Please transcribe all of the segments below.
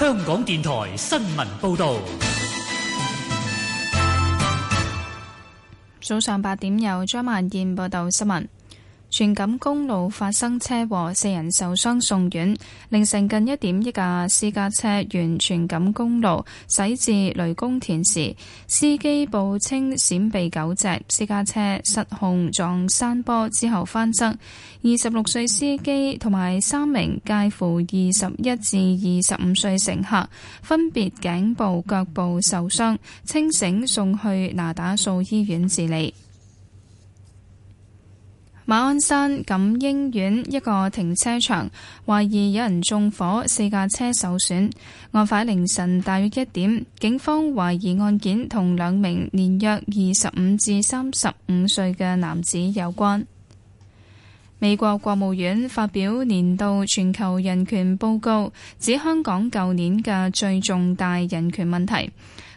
香港電台新聞報道，早上八點有，有張曼健報道新聞。荃錦公路發生車禍，四人受傷送院。凌晨近一點、啊，一架私家車沿荃錦公路駛至雷公田時，司機報稱閃避狗隻，私家車失控撞山坡之後翻側。二十六歲司機同埋三名介乎二十一至二十五歲乘客，分別頸部、腳部受傷，清醒送去那打素醫院治理。馬鞍山錦英苑一個停車場懷疑有人縱火，四架車受損。案發凌晨大約一點，警方懷疑案件同兩名年約二十五至三十五歲嘅男子有關。美國國務院發表年度全球人權報告，指香港舊年嘅最重大人權問題，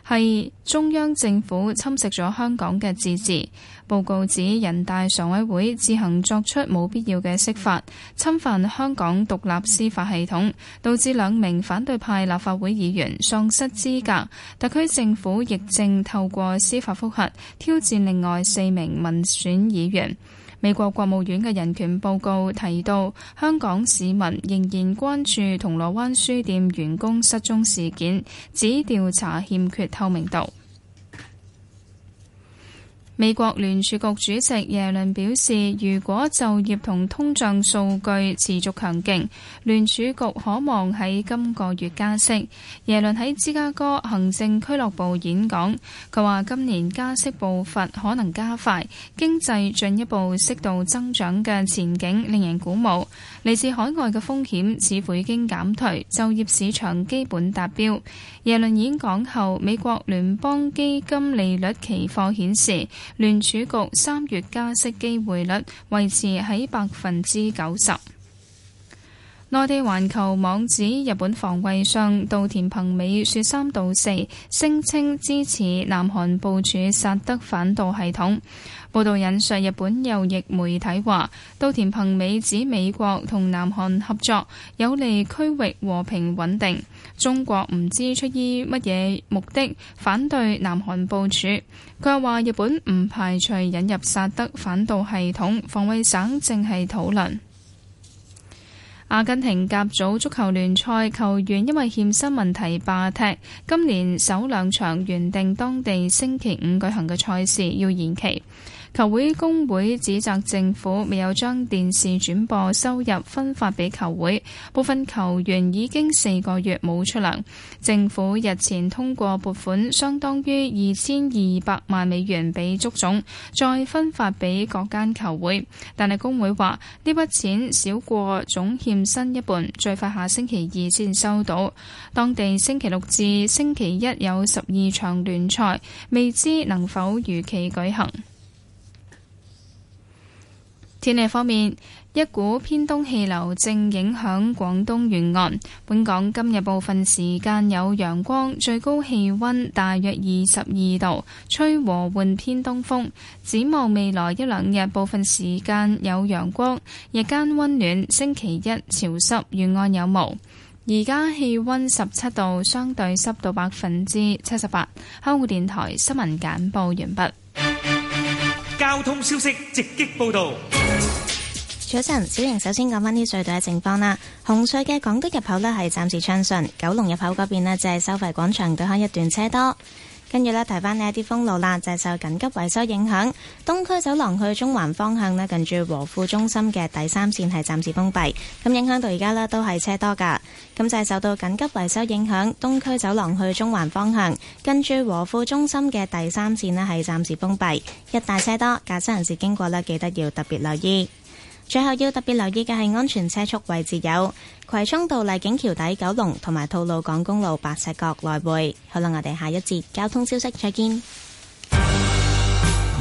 係中央政府侵蝕咗香港嘅自治。報告指人大常委會自行作出冇必要嘅釋法，侵犯香港獨立司法系統，導致兩名反對派立法會議員喪失資格。特區政府亦正透過司法覆核挑戰另外四名民選議員。美國國務院嘅人權報告提到，香港市民仍然關注銅鑼灣書店員工失蹤事件，指調查欠缺透明度。美國聯儲局主席耶倫表示，如果就業同通脹數據持續強勁，聯儲局可望喺今個月加息。耶倫喺芝加哥行政俱樂部演講，佢話今年加息步伐可能加快，經濟進一步適度增長嘅前景令人鼓舞。嚟自海外嘅風險似乎已經減退，就業市場基本達標。耶倫演講後，美國聯邦基金利率期貨顯示，聯儲局三月加息機會率維持喺百分之九十。內地環球網指日本防衛相稻田朋美説三道四，聲稱支持南韓部署薩德反導系統。報導引述日本右翼媒體話，稻田朋美指美國同南韓合作有利區域和平穩定。中國唔知出於乜嘢目的反對南韓部署，佢又話日本唔排除引入薩德反導系統，防衛省正係討論。阿根廷甲組足球聯賽球員因為欠薪問題罷踢，今年首兩場原定當地星期五舉行嘅賽事要延期。球會工會指責政府未有將電視轉播收入分發俾球會，部分球員已經四個月冇出糧。政府日前通過撥款，相當於二千二百萬美元，俾足總再分發俾各間球會，但係工會話呢筆錢少過總欠薪一半，最快下星期二先收到。當地星期六至星期一有十二場聯賽，未知能否如期舉行。天氣方面，一股偏東氣流正影響廣東沿岸，本港今日部分時間有陽光，最高氣溫大約二十二度，吹和緩偏東風。展望未來一兩日，部分時間有陽光，日間溫暖。星期一潮濕，沿岸有霧。而家氣溫十七度，相對濕度百分之七十八。香港電台新聞簡報完畢。交通消息直擊報道。早晨，小瑩首先講翻啲隧道嘅情況啦。紅隧嘅港德入口呢係暫時暢順，九龍入口嗰邊呢就係收費廣場對開一段車多。跟住呢，睇翻呢一啲封路啦，就係受緊急維修影響，東區走廊去中環方向呢，近住和富中心嘅第三線係暫時封閉，咁影響到而家呢都係車多㗎。咁就係受到緊急維修影響，東區走廊去中環方向，近住和富中心嘅第三線呢係暫時封閉，一大車多，駕車人士經過呢，記得要特別留意。最後要特別留意嘅係安全車速位置，有葵涌道麗景橋底、九龍同埋吐露港公路白石角來回。好啦，我哋下一節交通消息再見。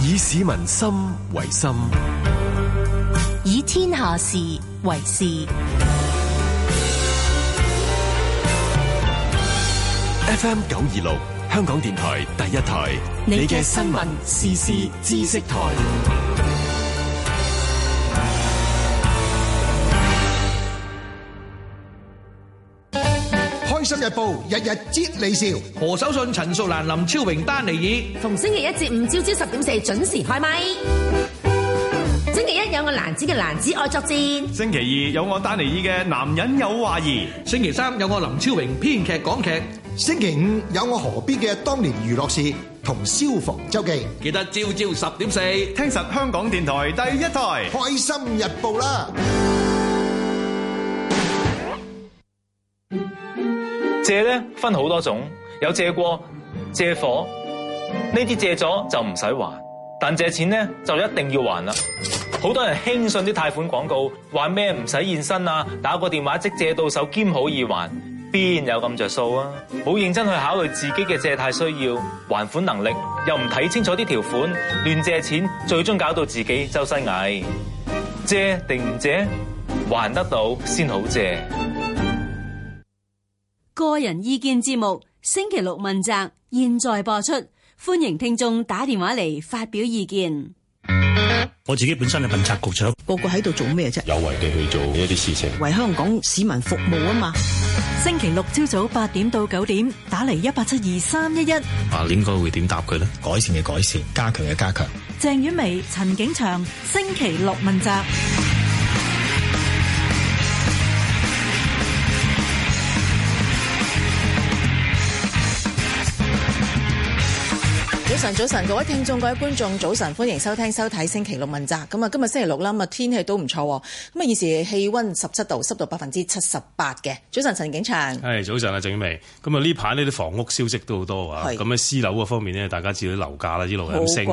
以市民心為心，以天下事為事。FM 九二六，香港電台第一台，你嘅新聞時事知識台。《開心日報》日日接你笑，何守信、陳淑蘭、林超榮、丹尼爾，從星期一至五朝朝十點四準時開咪。星期一有我蘭子嘅蘭子愛作戰，星期二有我丹尼爾嘅男人有話兒，星期三有我林超榮編劇港劇，星期五有我何必嘅當年娛樂事同消防周記，記得朝朝十點四聽實香港電台第一台《開心日報》啦。借咧分好多種，有借過、借火，呢啲借咗就唔使還，但借錢咧就一定要還啦。好多人輕信啲貸款廣告，話咩唔使現身啊，打個電話即借到手，兼好易還，邊有咁着數啊？冇認真去考慮自己嘅借貸需要、還款能力，又唔睇清楚啲條款，亂借錢，最終搞到自己周身蟻。借定唔借，還得到先好借。個人意見節目，星期六問責，現在播出，歡迎聽眾打電話嚟發表意見。我自己本身係問責局長，個個喺度做咩啫？有為地去做呢一啲事情，為香港市民服務啊嘛。星期六朝早八點到九點，打嚟一八七二三一一。啊，應該會點答佢咧？改善嘅改善，加強嘅加強。鄭婉薇、陳景祥，星期六問責。早晨，早晨，各位聽眾、各位觀眾，早晨，歡迎收聽、收睇星期六問責。咁啊，今日星期六啦，啊，天氣都唔錯。咁啊，現時氣溫十七度，濕度百分之七十八嘅。早晨，陳景祥。係早晨啊，鄭美。咁啊，呢排呢啲房屋消息都好多啊。咁喺是私樓嗰方面呢，大家知道樓價啦，一路係升。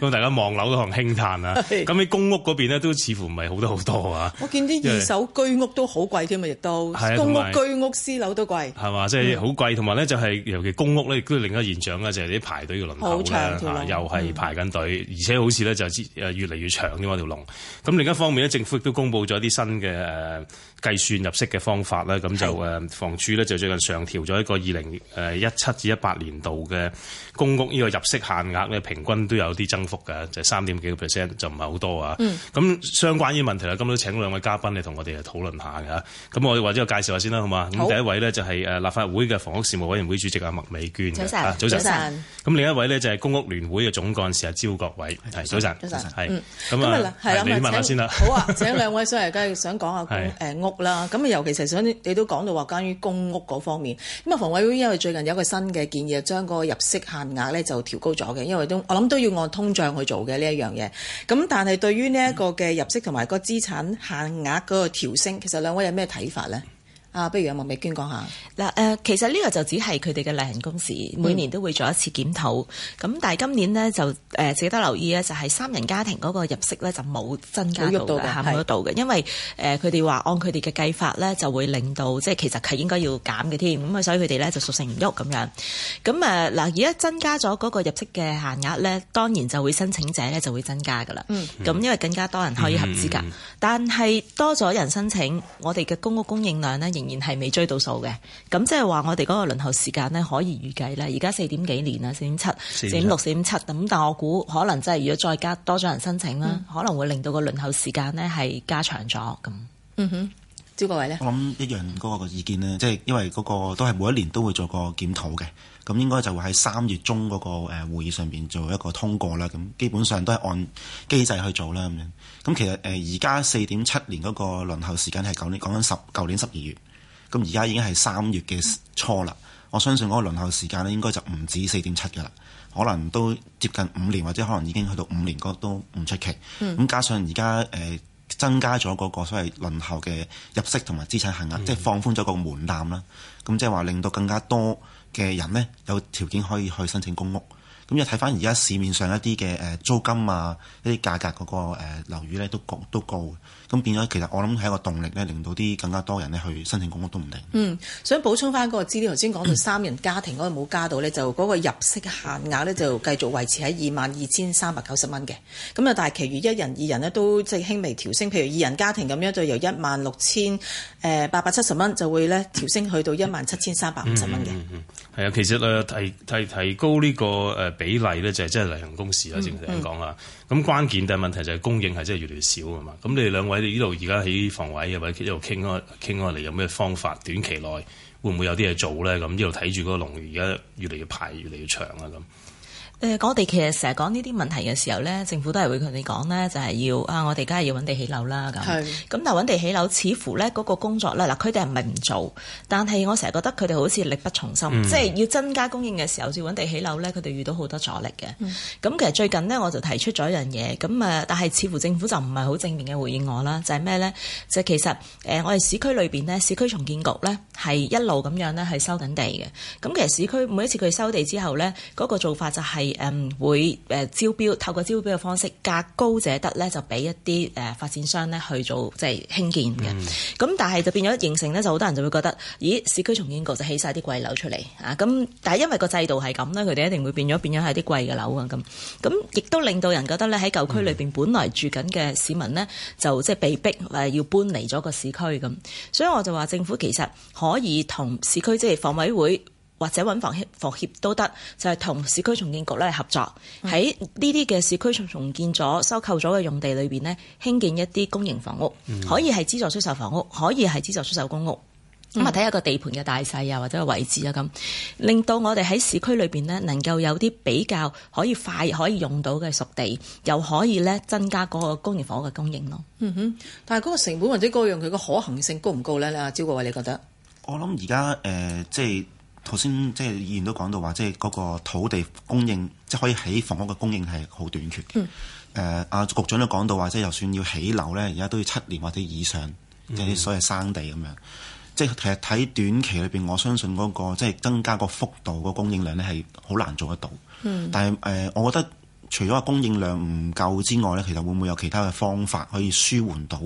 咁大家望樓都可能興嘆啦。咁喺是公屋嗰邊呢，都似乎唔係好得好多啊。 我見啲二手居屋貴都好貴添啊，亦都公屋居居居居居居都、居屋、私樓都貴。係嘛、嗯，即係好貴。同埋呢就係尤其公屋呢，亦都另一現象啊，就。啲排隊嘅輪候啦、啊，又係排緊隊，嗯、而且好似咧就誒越嚟越長啲喎，條龍。咁另一方面咧，政府亦都公布咗一啲新嘅誒。呃計算入息嘅方法咧，咁就誒房署咧就最近上調咗一個二零誒一七至一八年度嘅公屋呢個入息限額咧，平均都有啲增幅嘅，就三點幾個 percent，就唔係好多啊。咁相關呢個問題咧，今都請到兩位嘉賓嚟同我哋誒討論下嘅嚇。咁我或者我介紹下先啦，好嘛？咁第一位呢，就係誒立法會嘅房屋事務委員會主席阿麥美娟，早晨，早晨。咁另一位呢，就係公屋聯會嘅總幹事阿招國偉，係早晨，早晨，係。咁啊，問下先啦。好啊，請兩位先嚟，梗係想講下誒屋。屋啦，咁啊，尤其是想你都講到話關於公屋嗰方面，咁啊，房委會因為最近有一個新嘅建議，將嗰個入息限額咧就調高咗嘅，因為都我諗都要按通脹去做嘅呢一樣嘢。咁但係對於呢一個嘅入息同埋個資產限額嗰個調升，其實兩位有咩睇法咧？啊，不如阿麥美，美娟講下嗱誒，其實呢個就只係佢哋嘅例行公事，嗯、每年都會做一次檢討。咁但係今年呢，就誒值得留意咧，就係、是、三人家庭嗰個入息咧就冇增加到嘅限度嘅，是因為誒佢哋話按佢哋嘅計法咧就會令到即係其實係應該要減嘅添，咁啊所以佢哋咧就索性唔喐咁樣。咁誒嗱而家增加咗嗰個入息嘅限額咧，當然就會申請者咧就會增加㗎啦。咁、嗯嗯、因為更加多人可以合資格，嗯、但係多咗人申請，我哋嘅公屋供應量咧。仍然係未追到數嘅，咁即係話我哋嗰個輪候時間呢，可以預計咧。而家四點幾年啊，四點七、四點六、四點七咁。但我估可能真係如果再加多咗人申請啦，嗯、可能會令到個輪候時間呢係加長咗咁。嗯哼，招國偉呢，我諗一樣嗰個意見呢，即係因為嗰個都係每一年都會做個檢討嘅，咁應該就會喺三月中嗰個誒會議上面做一個通過啦。咁基本上都係按機制去做啦。咁樣咁其實誒而家四點七年嗰個輪候時間係講咧講緊十舊年十二月。咁而家已經係三月嘅初啦，嗯、我相信嗰個輪候時間呢應該就唔止四點七㗎啦，可能都接近五年或者可能已經去到五年嗰都唔出奇。咁、嗯、加上而家誒增加咗嗰個所謂輪候嘅入息同埋資產限額，即係放寬咗個門檻啦。咁即係話令到更加多嘅人呢，有條件可以去申請公屋。咁又睇翻而家市面上一啲嘅誒租金啊，一啲價格嗰個誒樓宇咧都高都高，咁變咗其實我諗係一個動力咧，令到啲更加多人咧去申請公屋都唔定。嗯，想補充翻嗰個資料，頭先講到三人家庭嗰個冇加到咧， 就嗰個入息限額咧就繼續維持喺二萬二千三百九十蚊嘅。咁啊，但係其餘一人、二人呢都即係輕微調升，譬如二人家庭咁樣就由一萬六千誒八百七十蚊就會咧調升去到一萬七千三百五十蚊嘅。嗯係啊、嗯嗯嗯嗯，其實誒、呃、提提提，提高呢、呢個誒。呃比例咧就係即係例行公事啦，嗯、正常講啦。咁、嗯、關鍵嘅係問題就係供應係真係越嚟越少啊嘛。咁你哋兩位呢度而家喺房委啊，或者一路傾啊，傾下嚟有咩方法？短期內會唔會有啲嘢做咧？咁呢度睇住嗰個龍，而家越嚟越排，越嚟越長啊咁。誒，我哋其實成日講呢啲問題嘅時候咧，政府都係會同你講咧，就係要啊，我哋梗係要揾地起樓啦咁。咁但係揾地起樓，似乎咧嗰個工作咧，嗱，佢哋係唔係唔做？但係我成日覺得佢哋好似力不從心，嗯。即係要增加供應嘅時候，要揾地起樓咧，佢哋遇到好多阻力嘅。嗯。咁其實最近呢，我就提出咗一樣嘢，咁啊，但係似乎政府就唔係好正面嘅回應我啦。就係咩咧？就其實誒，我哋市區裏邊咧，市區重建局咧係一路咁樣咧係收緊地嘅。咁其實市區每一次佢收地之後咧，嗰個做法就係。嗯，會誒招標，透過招標嘅方式，價高者得咧，就俾一啲誒發展商咧去做，即係興建嘅。咁、mm hmm. 但係就變咗形成咧，就好多人就會覺得，咦？市區重建局就起晒啲貴樓出嚟啊！咁但係因為個制度係咁咧，佢哋一定會變咗變咗係啲貴嘅樓啊！咁咁亦都令到人覺得咧，喺舊區裏邊本來住緊嘅市民呢，mm hmm. 就即係被逼誒要搬離咗個市區咁。所以我就話政府其實可以同市區，即係房委會。或者揾房協、房協都得，就係、是、同市區重建局咧合作喺呢啲嘅市區重重建咗、收購咗嘅用地裏邊咧，興建一啲公營房屋，可以係資助出售房屋，可以係資助出售公屋。咁啊、嗯，睇下個地盤嘅大細啊，或者個位置啊，咁令到我哋喺市區裏邊咧能夠有啲比較可以快可以用到嘅熟地，又可以咧增加嗰個公營房屋嘅供應咯。嗯哼，但係嗰個成本或者嗰個樣，佢嘅可行性高唔高咧？阿、啊、招國偉，你覺得？我諗而家誒，即係。頭先即係議員都講到話，即係嗰個土地供應，即、就、係、是、可以起房屋嘅供應係好短缺嘅。誒、嗯，阿、呃、局長都講到話，即、就、係、是、就算要起樓咧，而家都要七年或者以上，即係啲所謂生地咁樣。即係、嗯、其實睇短期裏邊，我相信嗰、嗰個即係、就是、增加個幅度、個供應量咧，係好難做得到。嗯、但係誒、呃，我覺得除咗個供應量唔夠之外咧，其實會唔會有其他嘅方法可以舒緩到？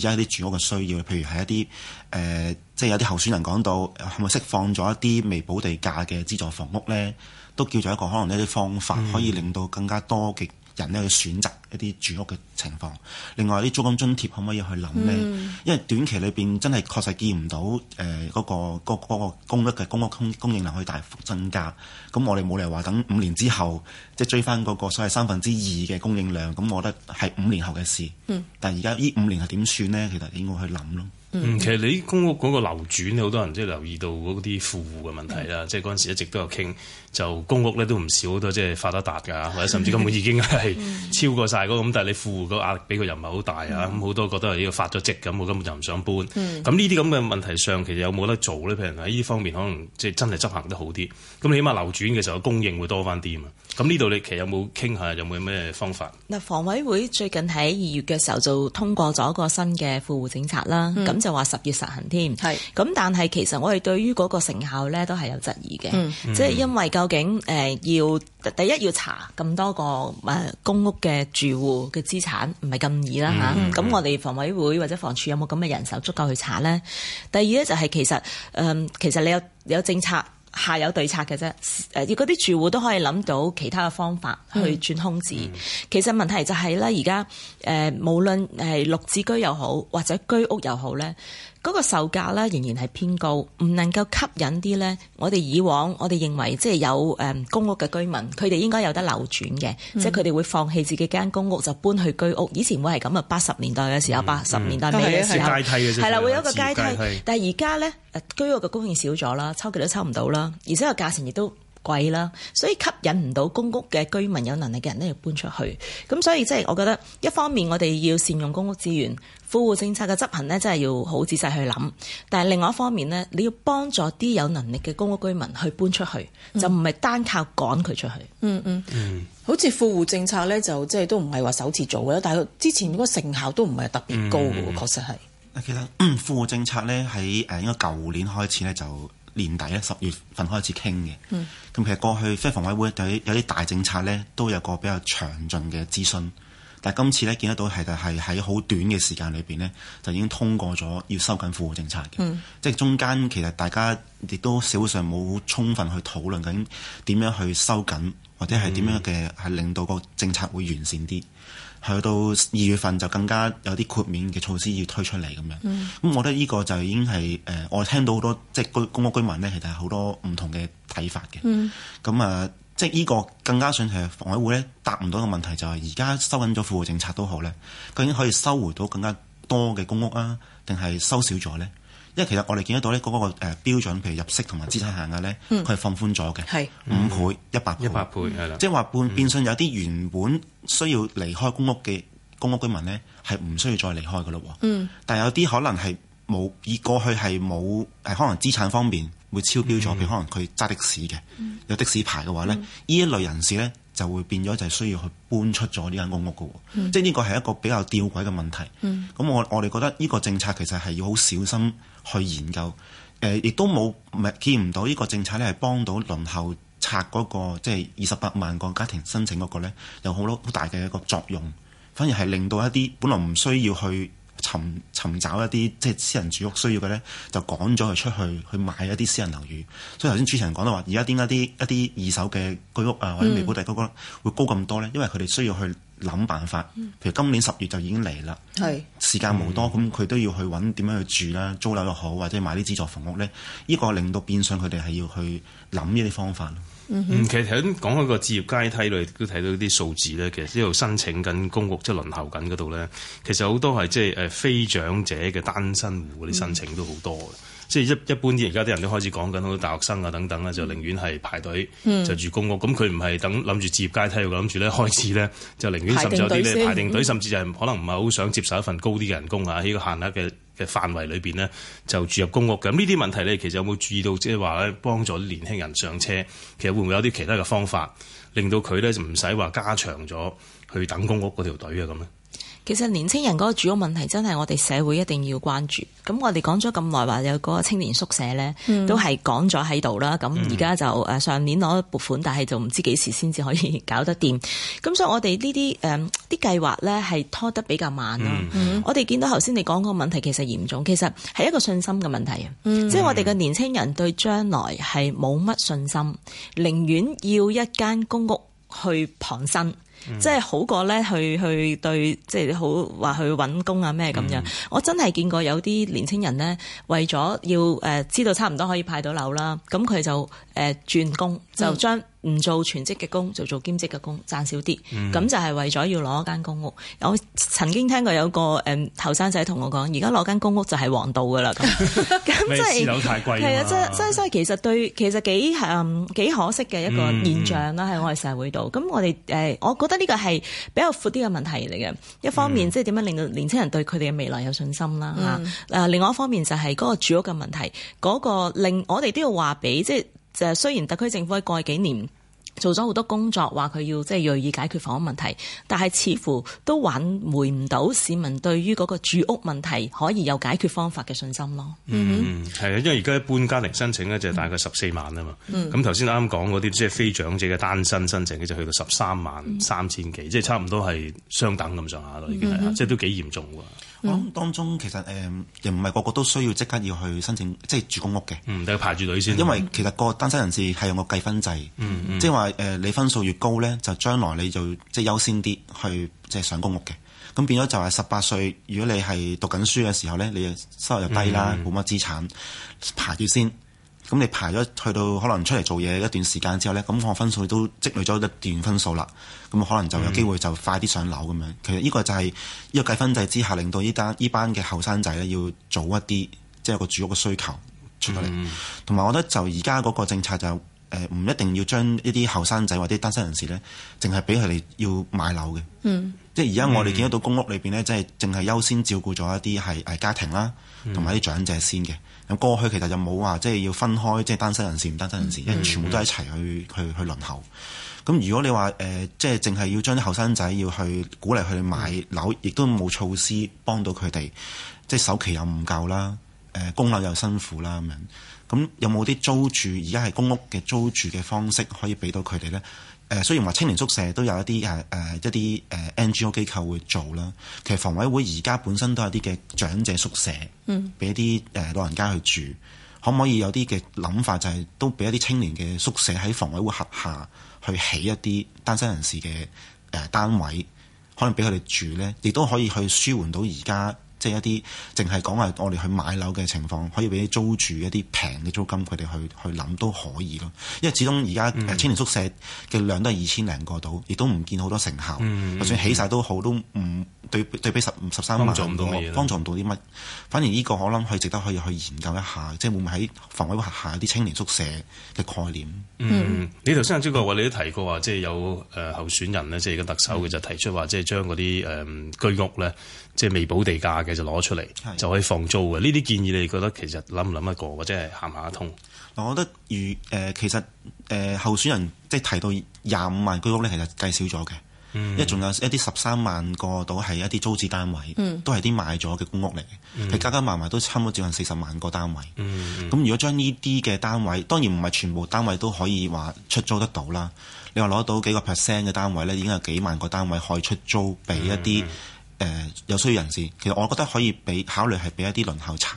而家啲住屋嘅需要，譬如係一啲誒、呃，即係有啲候選人講到，係咪釋放咗一啲未補地價嘅資助房屋咧？都叫做一個可能呢啲方法，可以令到更加多嘅，人咧去選擇一啲住屋嘅情況，另外啲租金津貼可唔可以去諗呢？嗯、因為短期裏邊真係確實見唔到誒嗰、呃那個嗰嗰公屋嘅公屋供供應量可以大幅增加。咁我哋冇理由話等五年之後即係追翻嗰個所謂三分之二嘅供應量。咁我覺得係五年後嘅事。嗯、但係而家呢五年係點算呢？其實應該去諗咯。嗯，其實你公屋嗰個流轉，好多人即係留意到嗰啲富戶嘅問題啦。即係嗰陣時一直都有傾。就公屋咧都唔少都即係發得達㗎，或者甚至根本已經係超過曬嗰、那個，嗯、但係你富戶個壓力俾佢又唔係好大啊，咁好、嗯嗯、多覺得呢個發咗積咁，我根本就唔想搬。咁呢啲咁嘅問題上，其實有冇得做咧？譬如喺呢方面，可能即係真係執行得好啲，咁起碼流轉嘅時候供應會多翻啲啊嘛。咁呢度你其實有冇傾下有冇咩方法？嗱，嗯、房委會最近喺二月嘅時候就通過咗一個新嘅富戶政策啦，咁、嗯、就話十月實行添。係咁，但係其實我哋對於嗰個成效咧都係有質疑嘅，即係、嗯嗯、因為。究竟誒要、呃、第一要查咁多個誒、呃、公屋嘅住戶嘅資產唔係咁易啦吓，咁、嗯啊、我哋房委會或者房署有冇咁嘅人手足夠去查咧？第二咧就係、是、其實，誒、呃、其實你有有政策下有對策嘅啫，誒要嗰啲住戶都可以諗到其他嘅方法去轉空置。嗯嗯、其實問題就係、是、咧，而家誒無論誒綠置居又好或者居屋又好咧。嗰個售價啦，仍然係偏高，唔能夠吸引啲咧。我哋以往我哋認為，即係有誒公屋嘅居民，佢哋應該有得流轉嘅，嗯、即係佢哋會放棄自己間公屋就搬去居屋。以前會係咁啊，八十年代嘅時候，八十、嗯嗯、年代尾嘅時候，係啦，會有一個階梯，梯，但係而家咧，居屋嘅供應少咗啦，抽幾多都抽唔到啦，而且個價錢亦都貴啦，所以吸引唔到公屋嘅居民有能力嘅人咧，要搬出去。咁所以即係我覺得一方面我哋要善用公屋資源，富戶政策嘅執行咧，真係要好仔細去諗。但係另外一方面呢，你要幫助啲有能力嘅公屋居民去搬出去，嗯、就唔係單靠趕佢出去。嗯嗯嗯，嗯好似富戶政策咧，就即係都唔係話首次做嘅，但係之前嗰個成效都唔係特別高嘅，確、嗯、實係。其實富戶政策咧，喺誒應該舊年開始咧就。年底咧十月份開始傾嘅，咁、嗯、其實過去即係房委會有啲大政策咧，都有個比較詳盡嘅諮詢。但係今次咧見得到係就係喺好短嘅時間裏邊咧，就已經通過咗要收緊富戶政策嘅，嗯、即係中間其實大家亦都社會上冇充分去討論緊點樣去收緊，或者係點樣嘅係、嗯、令到個政策會完善啲。去到二月份就更加有啲豁免嘅措施要推出嚟咁樣。咁、嗯、我覺得呢個就已經係誒我聽到好多即係居公屋居民咧，其實好多唔同嘅睇法嘅。咁啊、嗯，即係呢個更加想係房委會咧答唔到嘅問題，就係而家收緊咗富戶政策都好咧，究竟可以收回到更加多嘅公屋啊，定係收少咗咧？因為其實我哋見得到咧，嗰個誒標準，譬如入息同埋資產限額咧，佢係放寬咗嘅，五是倍、一百倍，一百倍係啦。即係話變相有啲原本需要離開公屋嘅公屋居民咧，係唔需要再離開嘅咯。嗯，但係有啲可能係冇，以過去係冇，係可能資產方面會超標咗，嗯、譬如可能佢揸的士嘅，嗯、有的士牌嘅話咧，呢、嗯、一類人士咧。就會變咗就係需要去搬出咗呢間公屋㗎喎，嗯、即係呢個係一個比較吊詭嘅問題。咁、嗯、我我哋覺得呢個政策其實係要好小心去研究，誒、呃，亦都冇見唔到呢個政策咧係幫到輪候拆嗰、嗰個即係二十八萬個家庭申請嗰個咧有好多好大嘅一個作用，反而係令到一啲本來唔需要去尋尋找一啲即係私人住屋需要嘅咧，就趕咗佢出去出去，去買一啲私人樓宇。所以頭先主持人講到話，而家點解啲一啲二手嘅居屋啊、呃、或者未補地價居屋會高咁多咧？因為佢哋需要去諗辦法。譬如今年十月就已經嚟啦，是時間冇多，咁佢、嗯、都要去揾點樣去住啦，租樓又好，或者買啲資助房屋咧。呢、這個令到變相佢哋係要去諗呢啲方法。嗯，其實喺講開個置業階梯裏，都睇到啲數字咧。其實一路申請緊公屋，即係輪候緊嗰度咧。其實好多係即係誒非長者嘅單身戶嗰啲申請都好多嘅。嗯、即係一一般啲而家啲人都開始講緊，好多「大學生」啊等等咧，就寧願係排隊就住公屋。咁佢唔係等諗住置業階梯，諗住咧開始咧，就寧願甚至有啲咧排、嗯、排定隊，甚至就係可能唔係好想接受一份高啲嘅人工啊呢個限額嘅。嘅範圍裏邊咧，就住入公屋嘅。咁呢啲問題咧，你其實有冇注意到即係話咧，幫助年輕人上車，其實會唔會有啲其他嘅方法，令到佢咧就唔使話加長咗去等公屋嗰條隊啊，咁咧？其實年青人嗰個主要問題，真係我哋社會一定要關注。咁我哋講咗咁耐話有嗰個青年宿舍咧，嗯、都係講咗喺度啦。咁而家就誒、嗯、上年攞撥款，但係就唔知幾時先至可以搞得掂。咁所以我，我、呃、哋呢啲誒啲計劃咧係拖得比較慢咯、啊。嗯、我哋見到頭先你講個問題，其實嚴重，其實係一個信心嘅問題。嗯、即係我哋嘅年青人對將來係冇乜信心，寧願要一間公屋去傍身。嗯、即係好過咧，去去對，即係好話去揾工啊咩咁樣。嗯、我真係見過有啲年輕人咧，為咗要誒、呃、知道差唔多可以派到樓啦，咁佢就誒、呃、轉工，就將，唔做全職嘅工，就做兼職嘅工，賺少啲。咁、嗯、就係為咗要攞一間公屋。我曾經聽過有個誒後生仔同我講，而家攞間公屋就係王道噶啦。咁即係太貴。係啊， 即係即係，所以其實對，其實幾誒、嗯、幾可惜嘅一個現象啦，喺我哋社會度。咁、嗯嗯、我哋誒，我覺得呢個係比較闊啲嘅問題嚟嘅。一方面、嗯、即係點樣令到年青人對佢哋嘅未來有信心啦嚇。誒，嗯、另外一方面就係嗰個住屋嘅問題，嗰、嗰個令我哋都要話俾即係。就是就係雖然特區政府喺過去幾年做咗好多工作，話佢要即係鋭意解決房屋問題，但係似乎都挽回唔到市民對於嗰個住屋問題可以有解決方法嘅信心咯。Mm hmm. 嗯，係啊，因為而家一般家庭申請咧就係大概十四萬啊嘛。咁頭先啱啱講嗰啲即係非長者嘅單身申請，佢就去到十三萬三千幾，mm hmm. 即係差唔多係相等咁上下咯。已經係啊，mm hmm. 即係都幾嚴重喎。咁、嗯嗯、當中其實誒，又唔係個個都需要即刻要去申請，即係住公屋嘅。嗯，都要排住隊先。因為其實個單身人士係有個計分制，即係話誒，你、呃、分數越高咧，就將來你就即係優先啲去即係上公屋嘅。咁變咗就係十八歲，如果你係讀緊書嘅時候咧，你就收入又低啦，冇乜、嗯、資產，排住先。咁你排咗去到可能出嚟做嘢一段時間之後呢，咁我分數都積累咗一段分數啦，咁可能就有機會就快啲上樓咁樣。嗯、其實呢個就係呢個計分制之下，令到依單依班嘅後生仔呢要早一啲即係個住屋嘅需求出嚟。同埋、嗯、我覺得就而家嗰個政策就誒、呃、唔一定要將一啲後生仔或者單身人士呢淨係俾佢哋要買樓嘅。嗯、即係而家我哋見得到公屋裏邊呢，即係淨係優先照顧咗一啲係家庭啦，同埋啲長者先嘅。咁過去其實就冇話即係要分開，即係單身人士唔單身人士，因、嗯、全部都一齊去、嗯、去去、去輪候。咁如果你話誒、呃，即係淨係要將啲後生仔要去鼓勵佢哋買樓，亦都冇措施幫到佢哋，即係首期又唔夠啦，誒、呃、供樓又辛苦啦咁樣。咁有冇啲租住而家係公屋嘅租住嘅方式可以俾到佢哋咧？誒雖然話青年宿舍都有一啲誒誒一啲誒 NGO 機構會做啦，其實房委會而家本身都有啲嘅長者宿舍，嗯，俾一啲誒老人家去住，嗯、可唔可以有啲嘅諗法就係、是、都俾一啲青年嘅宿舍喺房委會轄下去起一啲單身人士嘅誒單位，可能俾佢哋住咧，亦都可以去舒緩到而家。即係一啲淨係講話我哋去買樓嘅情況，可以俾你租住一啲平嘅租金，佢哋去去諗都可以咯。因為始終而家青年宿舍嘅量都係二千零個到，亦都唔見好多成效。嗯、就算起晒都好，都唔。對對比十十三萬，幫助唔到啲乜，反而呢個我諗係值得可以去研究一下，即、就、係、是、會唔會喺房委會下啲青年宿舍嘅概念？嗯，你頭先阿招國偉你都提過話，即係有誒、呃、候選人咧，即係個特首佢就、嗯、提出話，即係將嗰啲誒居屋咧，即係未補地價嘅就攞出嚟，是就可以放租嘅。呢啲建議你哋覺得其實諗唔諗得過，或者行唔行得通？我覺得如誒、呃，其實誒、呃、候選人即係提到廿五萬居，居屋咧，其實計少咗嘅。因為仲有一啲十三萬個到係一啲租置單位，嗯、都係啲賣咗嘅公屋嚟嘅，係、嗯、加加埋埋都差唔多接近四十萬個單位。咁、嗯、如果將呢啲嘅單位，當然唔係全部單位都可以話出租得到啦。你話攞到幾個 percent 嘅單位咧，已經有幾萬個單位可以出租俾一啲誒、嗯呃、有需要人士。其實我覺得可以俾考慮係俾一啲輪候冊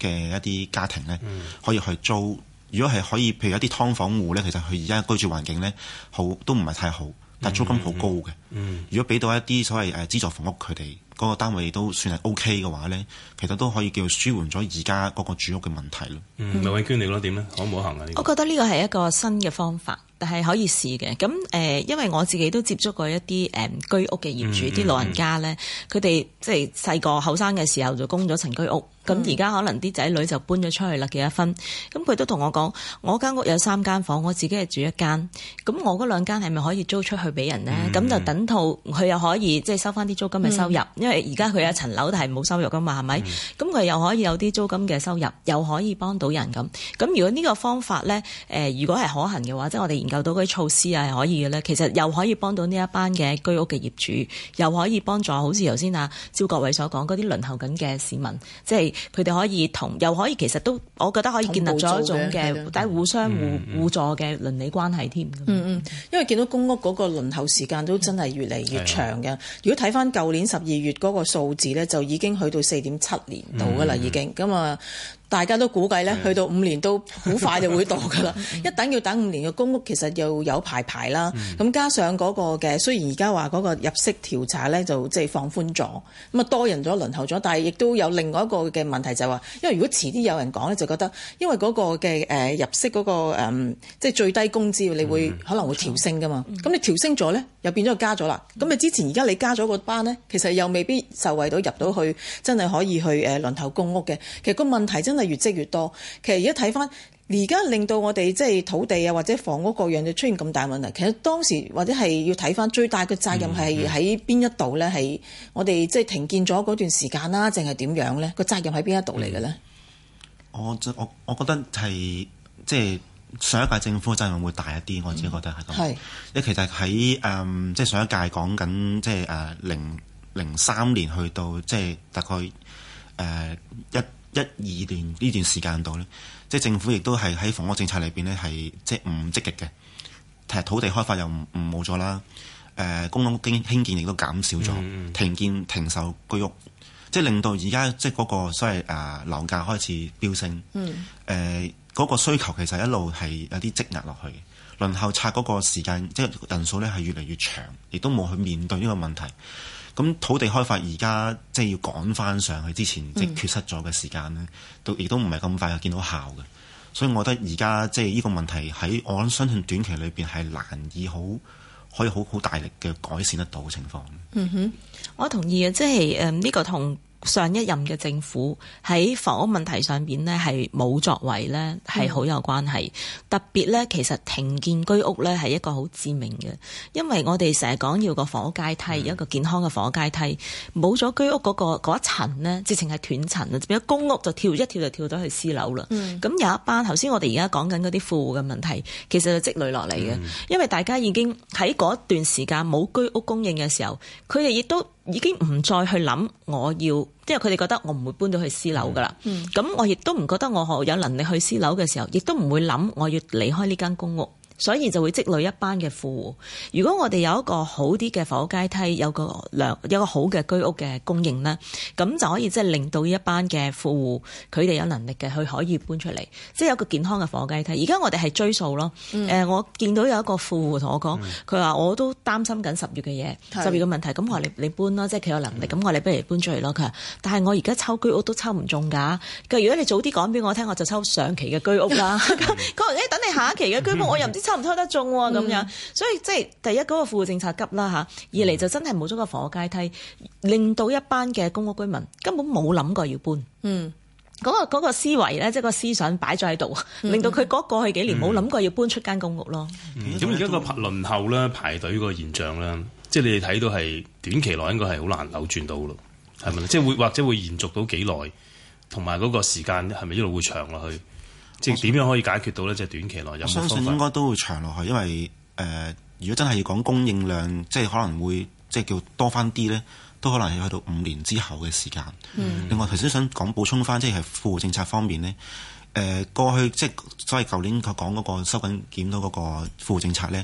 嘅一啲家庭咧，嗯、可以去租。如果係可以，譬如一啲劏房戶咧，其實佢而家居住環境咧好都唔係太好。但租金好高嘅，嗯、如果俾到一啲所謂誒資助房屋，佢哋嗰個單位都算係 OK 嘅話咧，其實都可以叫舒緩咗而家嗰個住屋嘅問題咯。嗯，麥美娟你覺得點咧？可唔可行啊？我覺得呢個係一個新嘅方法，但係可以試嘅。咁誒、呃，因為我自己都接觸過一啲誒、呃、居屋嘅業主，啲、嗯、老人家咧，佢哋即係細個後生嘅時候時就供咗層居屋。咁而家可能啲仔女就搬咗出去啦，幾多分？咁佢都同我講，我間屋有三間房，我自己係住一間。咁我嗰兩間係咪可以租出去俾人咧？咁、嗯、就等套佢又可以即係、就是、收翻啲租金嘅收入，嗯、因為而家佢有一層樓係冇收入噶嘛，係咪？咁佢、嗯、又可以有啲租金嘅收入，又可以幫到人咁。咁如果呢個方法咧，誒、呃、如果係可行嘅話，即、就、係、是、我哋研究到嗰啲措施啊，係可以嘅咧。其實又可以幫到呢一班嘅居屋嘅業主，又可以幫助好似頭先啊，招國偉所講嗰啲輪候緊嘅市民，即係。佢哋可以同又可以其實都，我覺得可以建立咗一種嘅，但係互相互互助嘅鄰里關係添、嗯。嗯嗯，因為見到公屋嗰個輪候時間都真係越嚟越長嘅。嗯、如果睇翻舊年十二月嗰個數字呢，就已經去到四點七年度嘅啦，已經咁啊。嗯。大家都估計咧，的去到五年都好快就會到㗎啦。 一等要等五年嘅公屋其實又有排排啦。咁、嗯、加上嗰個嘅，雖然而家話嗰個入息調查咧就即係放寬咗，咁啊多人咗輪候咗，但係亦都有另外一個嘅問題就係、是、話，因為如果遲啲有人講咧，就覺得因為嗰個嘅誒入息嗰、那個即係、嗯就是、最低工資，你會、嗯、可能會調升㗎嘛。咁、嗯嗯、你調升咗咧，又變咗加咗啦。咁你、嗯嗯、之前而家你加咗個班咧，其實又未必受惠到入到去真係可以去誒輪候公屋嘅。其實個問題真係～越積越多，其實而家睇翻，而家令到我哋即係土地啊或者房屋各樣就出現咁大問題，其實當時或者係要睇翻最大嘅責任係喺邊一度咧？係、嗯嗯、我哋即係停建咗嗰段時間啦，定係點樣咧？個責任喺邊一度嚟嘅咧？我就我我覺得係即係上一屆政府責任會大一啲，我自己覺得係咁。係、嗯，因為其實喺誒即係上一屆講緊即係誒零零三年去到即係大概誒一。一二年呢段時間度呢，即係政府亦都係喺房屋政策裏邊呢，係即係唔積極嘅，其實土地開發又唔冇咗啦，誒公屋經興建亦都減少咗，嗯、停建停售居屋，即係令到而家即係嗰個所謂誒樓價開始飆升，誒嗰、嗯呃嗰個需求其實一路係有啲積壓落去，輪候拆嗰個時間即係人數呢係越嚟越長，亦都冇去面對呢個問題。咁土地開發而家即係要趕翻上去，之前即係、就是、缺失咗嘅時間咧，都、嗯、亦都唔係咁快見到效嘅，所以我覺得而家即係呢個問題喺我相信短期裏邊係難以好可以好好大力嘅改善得到嘅情況。嗯哼，我同意啊，即係誒呢個同。上一任嘅政府喺房屋問題上邊呢，係冇作為呢，係好有關係。嗯、特別呢，其實停建居屋呢，係一個好致命嘅，因為我哋成日講要個房屋階梯，一個健康嘅房屋階梯，冇咗、嗯、居屋嗰、嗰個嗰一層咧，直情係斷層，啊！變咗公屋就跳一跳就跳到去私樓啦。咁、嗯、有一班頭先我哋而家講緊嗰啲富戶嘅問題，其實就積累落嚟嘅，因為大家已經喺嗰段時間冇居屋供應嘅時候，佢哋亦都。已經唔再去諗我要，即係佢哋覺得我唔會搬到去私樓㗎啦。咁、嗯、我亦都唔覺得我可有能力去私樓嘅時候，亦都唔會諗我要離開呢間公屋。所以就會積累一班嘅富戶。如果我哋有一個好啲嘅房屋階梯，有個良，有個好嘅居屋嘅供應咧，咁就可以即係令到一班嘅富戶佢哋有能力嘅，佢可以搬出嚟。即係有個健康嘅房屋階梯。而家我哋係追數咯。誒、嗯呃，我見到有一個富戶同我講，佢話、嗯、我都擔心緊十月嘅嘢，嗯、十月嘅問題。咁我話你你搬啦，即係佢有能力，咁、嗯、我哋不如搬出嚟咯。佢話，但係我而家抽居屋都抽唔中㗎。佢如果你早啲講俾我聽，我就抽上期嘅居屋啦。佢話誒，等你下一期嘅居屋，我又唔知。抽唔抽得中咁、啊、樣，嗯、所以即係第一嗰、那個副政策急啦吓，二嚟就真係冇咗個房屋階梯，令到一班嘅公屋居民根本冇諗過要搬。嗯，嗰、那個嗰、那個思維咧，即、就、係、是、個思想擺咗喺度，嗯、令到佢嗰過去幾年冇諗過要搬出間公屋咯。咁而家個排輪候咧排隊個現象咧，即係你哋睇到係短期內應該係好難扭轉到咯，係咪？即係會或者會延續到幾耐，同埋嗰個時間係咪一路會長落去？即係點樣可以解決到呢？即係短期內有。我相信應該都會長落去，因為誒、呃，如果真係要講供應量，即係可能會即係叫多翻啲呢，都可能係去到五年之後嘅時間。嗯、另外，頭先想講補充翻，即係係富戶政策方面呢，誒、呃、過去即係所謂舊年佢講嗰個收緊檢討嗰個富戶政策呢，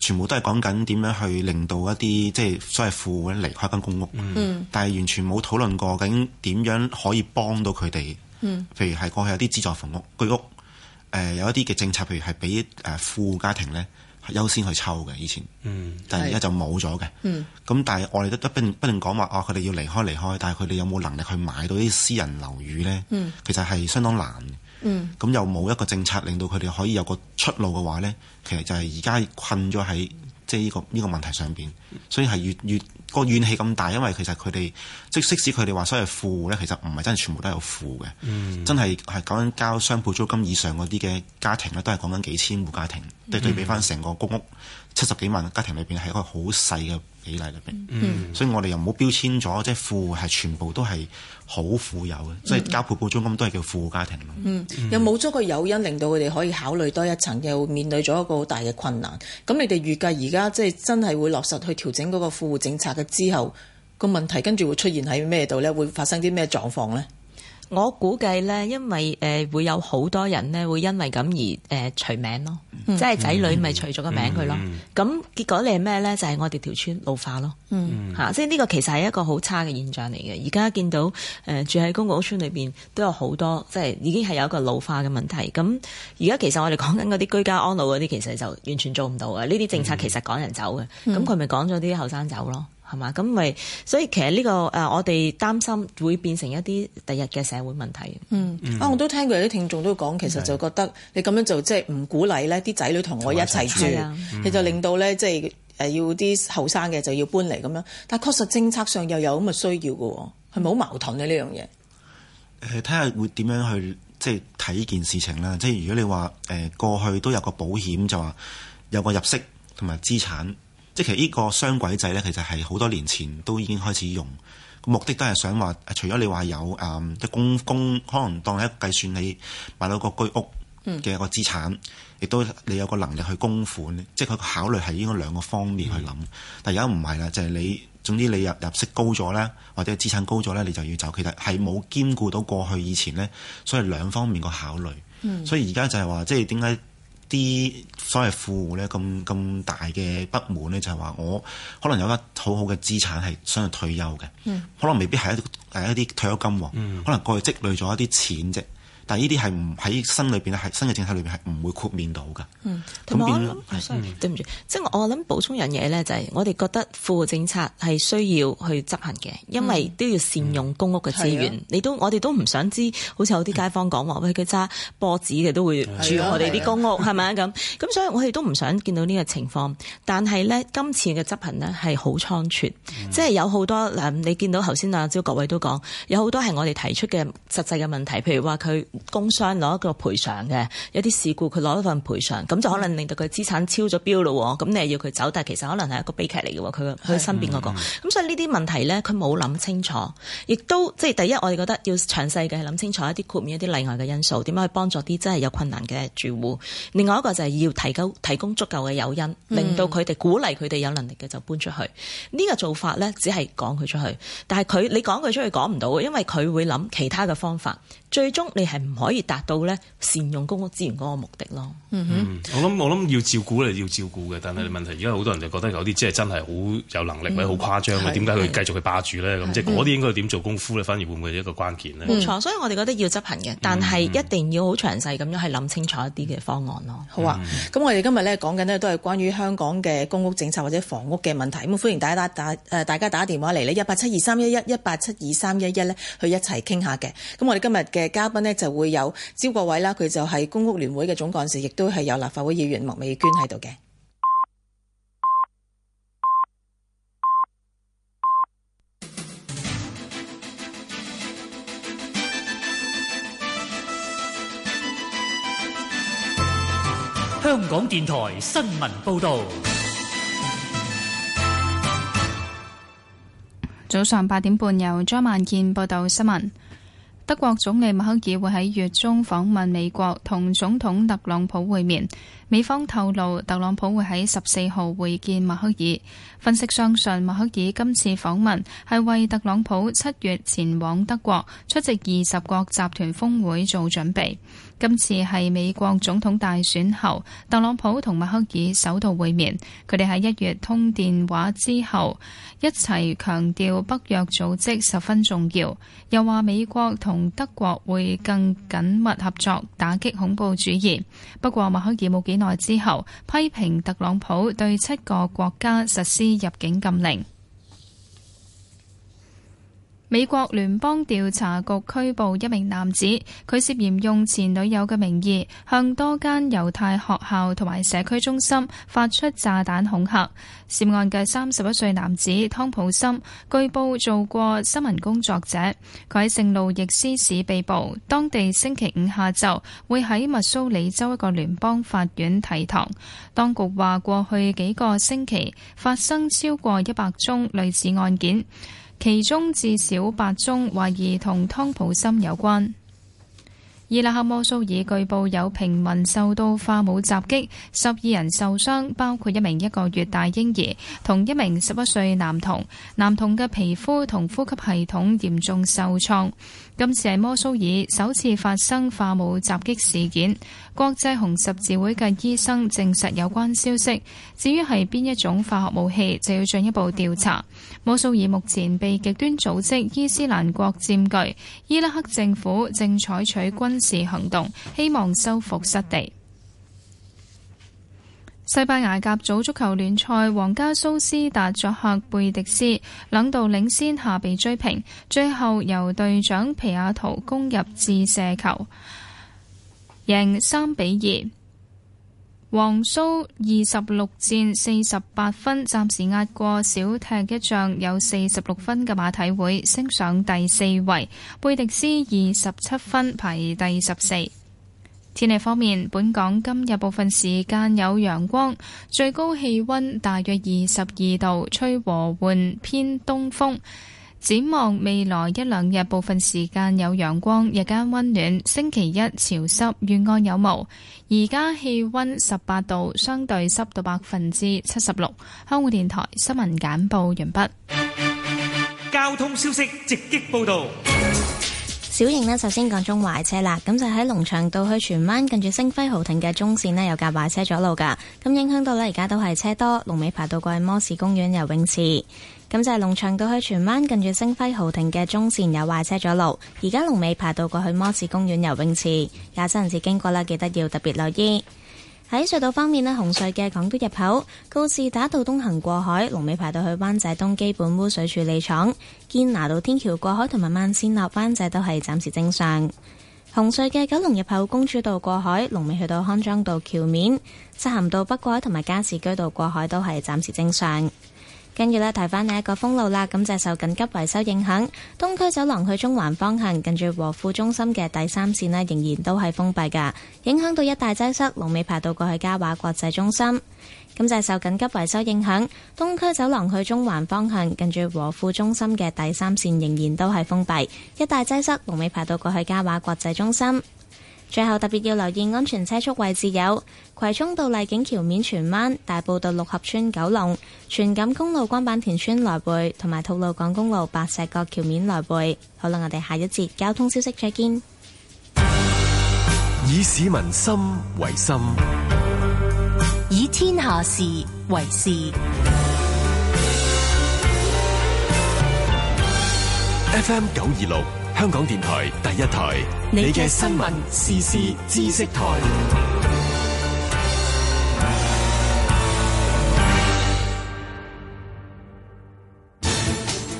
全部都係講緊點樣去令到一啲即係所謂富戶咧離開間公屋。嗯、但係完全冇討論過究竟點樣可以幫到佢哋。嗯、譬如係過去有啲資助房屋居屋。誒、呃、有一啲嘅政策，譬如係俾誒富家庭咧優先去抽嘅，以前，但係而家就冇咗嘅。咁但係我哋都都不能不能講話，哦，佢哋要離開離開，但係佢哋有冇能力去買到啲私人樓宇咧？嗯、其實係相當難嘅。咁又冇一個政策令到佢哋可以有個出路嘅話咧，其實就係而家困咗喺。即係、這、呢個依、這個問題上邊，所以係越越、這個怨氣咁大，因為其實佢哋即係即使佢哋話所謂富咧，其實唔係真係全部都有富嘅，嗯、真係係講緊交雙倍租金以上嗰啲嘅家庭咧，都係講緊幾千戶家庭，對對比翻成個公屋七十幾萬家庭裏邊係一個好細嘅。比例入邊，嗯、所以我哋又冇標籤咗，即係富戶係全部都係好富有嘅，即係、嗯、交配保租金都係叫富家庭咯。嗯，又冇咗個誘因令到佢哋可以考慮多一層，又面對咗一個好大嘅困難。咁你哋預計而家即係真係會落實去調整嗰個富戶政策嘅之後，個問題跟住會出現喺咩度咧？會發生啲咩狀況咧？我估計咧，因為誒、呃、會有好多人咧，會因為咁而誒除、呃、名咯，即係仔女咪除咗個名佢咯。咁、嗯嗯嗯嗯、結果你係咩咧？就係、是、我哋條村老化咯，吓、嗯嗯啊，即係呢個其實係一個好差嘅現象嚟嘅。而家見到誒、呃、住喺公共屋邨裏邊都有好多，即係已經係有一個老化嘅問題。咁而家其實我哋講緊嗰啲居家安老嗰啲，其實就完全做唔到嘅。呢啲政策其實趕人走嘅。咁佢咪趕咗啲後生走咯？嗯嗯嗯係嘛？咁咪所以，其實呢、呢個誒、呃，我哋擔心會變成一啲第日嘅社會問題。嗯，啊，我都聽過有啲聽眾都講，其實就覺得是你咁樣做即係唔鼓勵咧，啲仔女同我一齊住，啊嗯、你就令到咧即係誒要啲後生嘅就要搬嚟咁樣。但係確實政策上又有咁嘅需要嘅，係咪好矛盾咧呢樣嘢？誒、嗯，睇下會點樣去即係睇呢件事情啦。即、就、係、是、如果你話誒、呃、過去都有個保險，就話有個入息同埋資產。即係呢個雙軌制呢，其實係好多年前都已經開始用，目的都係想話，除咗你話有誒供公，公，公可能當一個計算你買到個居屋嘅一個資產，亦、嗯、都你有個能力去供款，即係佢考慮係應該兩個方面去諗。嗯、但而家唔係啦，就係、是、你總之你入入息高咗咧，或者資產高咗呢，你就要走。其實係冇兼顧到過去以前呢，所以兩方面個考慮。嗯、所以而家就係話，即係點解？啲所謂富戶咧，咁咁大嘅不滿咧，就係、是、話我可能有間好好嘅資產係想嚟退休嘅，mm. 可能未必係一啲退休金喎，mm. 可能過去積累咗一啲錢啫。但呢啲係唔喺新裏邊咧，係新嘅政策裏邊係唔會豁免到㗎。嗯，同埋、嗯、我諗，對唔住，即係我諗補充樣嘢咧，就係、是、我哋覺得富戶政策係需要去執行嘅，因為都要善用公屋嘅資源。嗯嗯啊、你都我哋都唔想知，好似有啲街坊講話，啊、喂佢揸波子嘅都會住我哋啲公屋，係咪啊咁？咁所以我哋都唔想見到呢個情況。但係咧，今次嘅執行呢係好倉促，嗯、即係有好多誒，你見到頭先阿招各位都講，有好多係我哋提出嘅實際嘅問題，譬如話佢。工商攞一個賠償嘅有啲事故，佢攞一份賠償，咁就可能令到佢資產超咗標咯。咁你係要佢走，但係其實可能係一個悲劇嚟嘅。佢佢身邊嗰、那個，咁、嗯嗯嗯、所以呢啲問題咧，佢冇諗清楚，亦都即係第一，我哋覺得要詳細嘅係諗清楚一啲豁免一啲例外嘅因素，點樣去幫助啲真係有困難嘅住戶。另外一個就係要提供提供足夠嘅誘因，令到佢哋鼓勵佢哋有能力嘅就搬出去。呢、嗯、個做法咧，只係趕佢出去，但係佢你趕佢出去趕唔到，因為佢會諗其他嘅方法。最終你係。唔可以達到咧善用公屋資源嗰個目的咯。嗯，我諗我諗要照顧咧要照顧嘅，但係問題而家好多人就覺得有啲即係真係好有能力或者好誇張嘅，點解佢繼續去霸住咧？咁即係嗰啲應該點做功夫咧？反而會唔會係一個關鍵咧？冇錯，所以我哋覺得要執行嘅，但係一定要好詳細咁樣係諗清楚一啲嘅方案咯。好啊，咁我哋今日咧講緊呢都係關於香港嘅公屋政策或者房屋嘅問題，咁歡迎大家打誒大家打電話嚟咧，一八七二三一一一八七二三一一咧，去一齊傾下嘅。咁我哋今日嘅嘉賓呢就會有招國偉啦，佢就係公屋聯會嘅總幹事，亦都係有立法會議員麥美娟喺度嘅。香港電台新聞報道，早上八點半由張萬健報道新聞。德國總理默克爾會喺月中訪問美國，同總統特朗普會面。美方透露，特朗普會喺十四號會見默克爾。分析相信，默克爾今次訪問係為特朗普七月前往德國出席二十國集團峰會做準備。今次係美國總統大選後，特朗普同默克爾首度會面。佢哋喺一月通電話之後一齊強調北約組織十分重要，又話美國同德國會更緊密合作，打擊恐怖主義，不過默克爾冇幾耐之後批評特朗普對七個國家實施入境禁令。美國聯邦調查局拘捕一名男子，佢涉嫌用前女友嘅名義向多間猶太學校同埋社區中心發出炸彈恐嚇。涉案嘅三十一歲男子湯普森，據報做過新聞工作者。佢喺聖路易斯市被捕，當地星期五下晝會喺密蘇里州一個聯邦法院提堂。當局話，過去幾個星期發生超過一百宗類似案件。其中至少八宗懷疑同湯普森有關，伊拉克摩蘇爾據報有平民受到化武襲擊，十二人受傷，包括一名一個月大嬰兒同一名十一歲男童，男童嘅皮膚同呼吸系統嚴重受創。今次係摩蘇爾首次發生化武襲擊事件，國際紅十字會嘅醫生證實有關消息。至於係邊一種化學武器，就要進一步調查。摩蘇爾目前被極端組織伊斯蘭國佔據，伊拉克政府正採取軍事行動，希望收復失地。西班牙甲組足球聯賽，皇家蘇斯達作客貝迪斯，兩度領先下被追平，最後由隊長皮亞圖攻入致射球，贏三比二。皇蘇二十六戰四十八分，暫時壓過少踢一仗有四十六分嘅馬體會，升上第四位。貝迪斯二十七分排第十四。天氣方面，本港今日部分時間有陽光，最高氣溫大約二十二度，吹和緩偏東風。展望未來一兩日，部分時間有陽光，日間溫暖。星期一潮濕，沿岸有霧。而家氣溫十八度，相對濕度百分之七十六。香港電台新聞簡報完畢。交通消息直擊報道。小型呢，首先講中壞車啦，咁就喺龍翔道去荃灣近住星輝豪庭嘅中線呢，有架壞車阻路噶，咁影響到呢，而家都係車多，龍尾排到過去摩士公園游泳池，咁就係龍翔道去荃灣近住星輝豪庭嘅中線有壞車阻路，而家龍尾排到過去摩士公園游泳池，駕駛人士經過啦，記得要特別留意。喺隧道方面咧，紅隧嘅港島入口告士打道東行過海，龍尾排到去灣仔東基本污水處理廠；堅拿道天橋過海同埋慢線落灣仔都係暫時正常。紅隧嘅九龍入口公主道過海，龍尾去到康莊道橋面；漆咸道北過海同埋加士居道過海都係暫時正常。.跟住咧，提翻你一個封路啦，咁就係受緊急維修影響，東區走廊去中環方向，近住和富中心嘅第三線呢，仍然都係封閉噶，影響到一大擠塞，龍尾排到過去嘉華國際中心。咁就係受緊急維修影響，東區走廊去中環方向，近住和富中心嘅第三線仍然都係封閉，一大擠塞，龍尾排到過去嘉華國際中心。最後特別要留意安全車速位置有葵涌道麗景橋面荃灣、大埔道六合村九龍、荃錦公路光板田村來回，同埋吐露港公路白石角橋面來回。好啦，我哋下一節交通消息再見。以市民心為心，以天下事為事。F M 九二六。香港電台第一台，你嘅新聞時事知識台。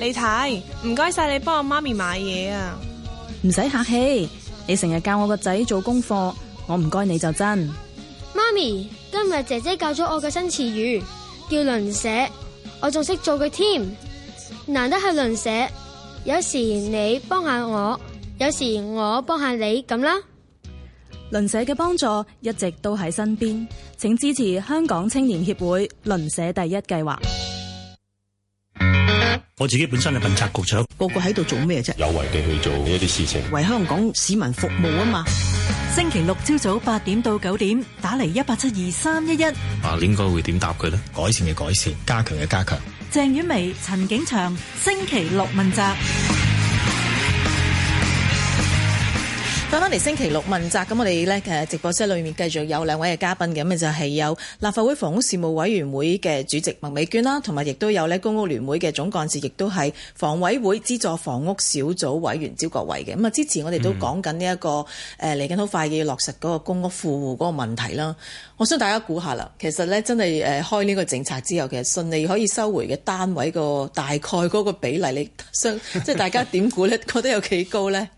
你睇，唔該晒你幫我媽咪買嘢啊！唔使客氣，你成日教我個仔做功課，我唔該你就真。媽咪，今日姐姐教咗我嘅新詞語叫「鄰舍」。我仲識做佢添。難得係「鄰舍」。有時你幫下我，有時我幫下你咁啦。鄰社嘅幫助一直都喺身邊，請支持香港青年協會鄰社第一計劃。我自己本身係問責局長，個個喺度做咩啫？有為地去做一啲事情，為香港市民服務啊嘛。星期六朝早八點到九點，打嚟一八七二三一一。啊，應該會點答佢咧？改善嘅改善，加強嘅加強。鄭婉薇、陳景祥，星期六問責。翻返嚟星期六問責，咁我哋咧誒直播室裏面繼續有兩位嘅嘉賓嘅，咁就係有立法會房屋事務委員會嘅主席麥美娟啦，同埋亦都有咧公屋聯會嘅總幹事，亦都係房委會資助房屋小組委員招國偉嘅。咁啊，之前我哋都講緊呢一個誒嚟緊好快嘅要落實嗰個公屋富戶嗰個問題啦。我想大家估下啦，其實咧真係誒開呢個政策之後，其實順利可以收回嘅單位個大概嗰個比例，你相即係大家點估咧？ 覺得有幾高咧？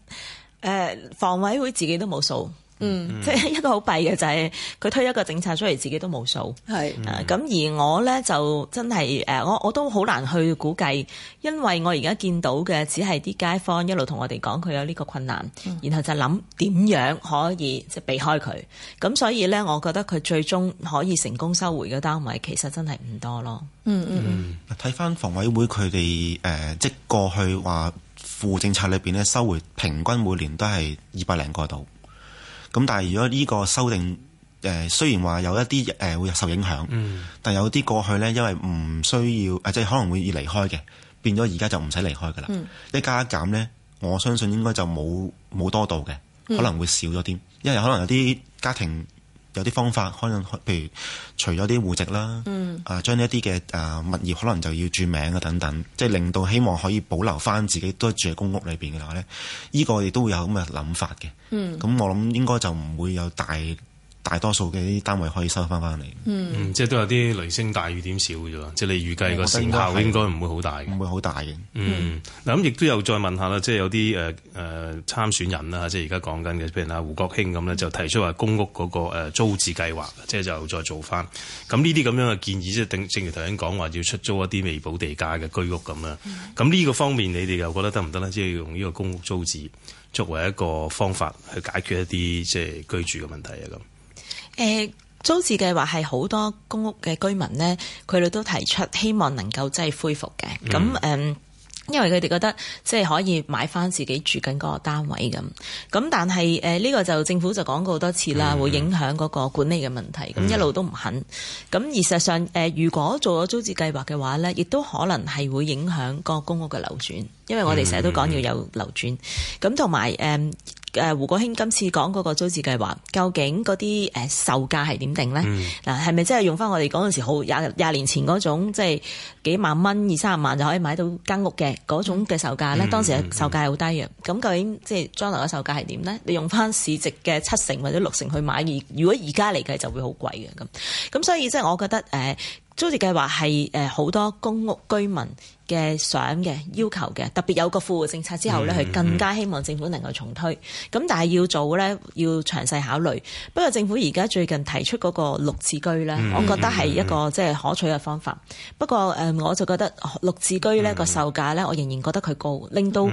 誒、呃、房委會自己都冇數，嗯，即係一個好弊嘅就係、是、佢推一個政策出嚟，自己都冇數，係是，咁、呃、而我呢，就真係誒、呃，我我都好難去估計，因為我而家見到嘅只係啲街坊一路同我哋講佢有呢個困難，嗯、然後就諗點樣可以即係避開佢，咁、呃、所以呢，我覺得佢最終可以成功收回嘅單位其實真係唔多咯。嗯嗯，睇、嗯、翻房委會佢哋誒，即係過去話。負政策裏邊咧，收回平均每年都係二百零個度。咁但係如果呢個修訂，誒、呃、雖然話有一啲誒、呃、會受影響，嗯、但有啲過去呢，因為唔需要，誒、呃、即係可能會要離開嘅，變咗而家就唔使離開㗎喇。嗯、一加一減咧，我相信應該就冇冇多度嘅，可能會少咗啲，因為可能有啲家庭。有啲方法可能譬如除咗啲戶籍啦，嗯啊，啊將呢一啲嘅啊物業可能就要注名啊等等，即係令到希望可以保留翻自己都係住喺公屋裏邊嘅話咧，呢個亦都會有咁嘅諗法嘅。嗯，咁我諗應該就唔會有大。大多數嘅啲單位可以收翻翻嚟，嗯，即係都有啲雷聲大雨點少嘅啫。即係你預計個成效應該唔會好大，唔會好大嘅。嗯，嗱咁亦都有再問下啦，即係有啲誒誒參選人啦，即係而家講緊嘅，譬如阿胡國興咁咧，嗯、就提出話公屋嗰個誒租置計劃，即係就再做翻。咁呢啲咁樣嘅建議，即係正如頭先講話要出租一啲未補地價嘅居屋咁樣。咁呢、嗯、個方面，你哋又覺得得唔得呢？即係用呢個公屋租置作為一個方法去解決一啲即係居住嘅問題啊咁。誒租置計劃係好多公屋嘅居民呢，佢哋都提出希望能夠即係恢復嘅。咁誒、嗯，因為佢哋覺得即係可以買翻自己住緊嗰個單位咁。咁但係誒呢個就政府就講過好多次啦，嗯、會影響嗰個管理嘅問題。咁、嗯、一路都唔肯。咁而事實上誒，如果做咗租置計劃嘅話呢，亦都可能係會影響個公屋嘅流轉，因為我哋成日都講要有流轉。咁同埋誒。嗯嗯誒胡國興今次講嗰個租置計劃，究竟嗰啲誒售價係點定咧？嗱、嗯，係咪真係用翻我哋嗰陣時好廿廿年前嗰種即係幾萬蚊二三十萬就可以買到間屋嘅嗰種嘅售價咧？嗯嗯、當時嘅售價係好低嘅，咁、嗯嗯、究竟即係將來嘅售價係點咧？你用翻市值嘅七成或者六成去買，而如果而家嚟計就會好貴嘅咁，咁所以即係我覺得誒。呃租置計劃係誒好多公屋居民嘅想嘅要求嘅，特別有個富戶政策之後咧，係、mm hmm. 更加希望政府能夠重推。咁、mm hmm. 但係要做咧，要詳細考慮。不過政府而家最近提出嗰個綠置居咧，mm hmm. 我覺得係一個即係、就是、可取嘅方法。不過誒、呃，我就覺得綠置居咧個售價咧，我仍然覺得佢高，令到唔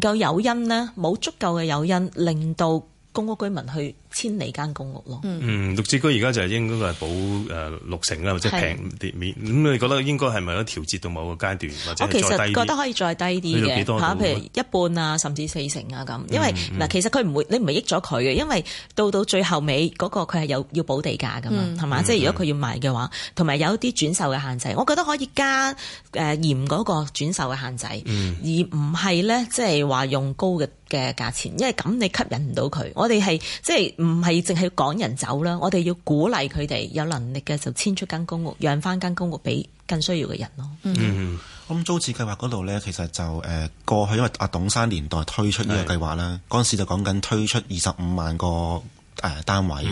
夠誘因呢，冇足夠嘅誘因，令到公屋居民去遷離間公屋咯。嗯，綠置、嗯、居而家就係應該係補誒六成啦，或者平啲咁，你覺得應該係咪都得調節到某個階段？或者我其實覺得可以再低啲嘅嚇，譬如一半啊，甚至四成啊咁。因為嗱，嗯嗯、其實佢唔會，你唔係益咗佢嘅，因為到到最後尾嗰、那個佢係有要補地價噶嘛，係嘛？即係如果佢要賣嘅話，同埋有一啲轉售嘅限制。我覺得可以加誒嚴嗰個轉售嘅限制，而唔係咧即係話用高嘅嘅價錢，因為咁你吸引唔到佢。我哋係即係唔係淨係要趕人走啦，我哋要鼓勵佢哋有能力嘅就遷出間公屋，讓翻間公屋俾更需要嘅人咯。嗯，咁租置計劃嗰度呢，其實就誒過去因為阿董生年代推出呢個計劃啦，嗰陣是時就講緊推出二十五萬個誒單位，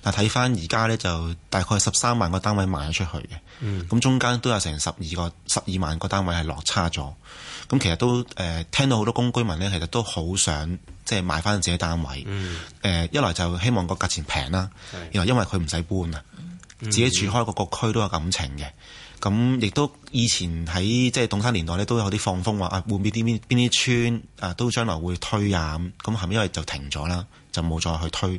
但睇翻而家呢，就大概十三萬個單位賣咗、嗯、出去嘅，咁、嗯、中間都有成十二個十二萬個單位係落差咗。咁其實都誒聽到好多公居民咧，其實都好想即係買翻自己單位。誒、嗯、一來就希望個價錢平啦，二是來因為佢唔使搬啊，嗯、自己住開個個區都有感情嘅。咁亦都以前喺即係動山年代咧，都有啲放風話啊，換邊啲邊邊啲村啊，都將來會推啊咁。咁後面因為就停咗啦，就冇再去推。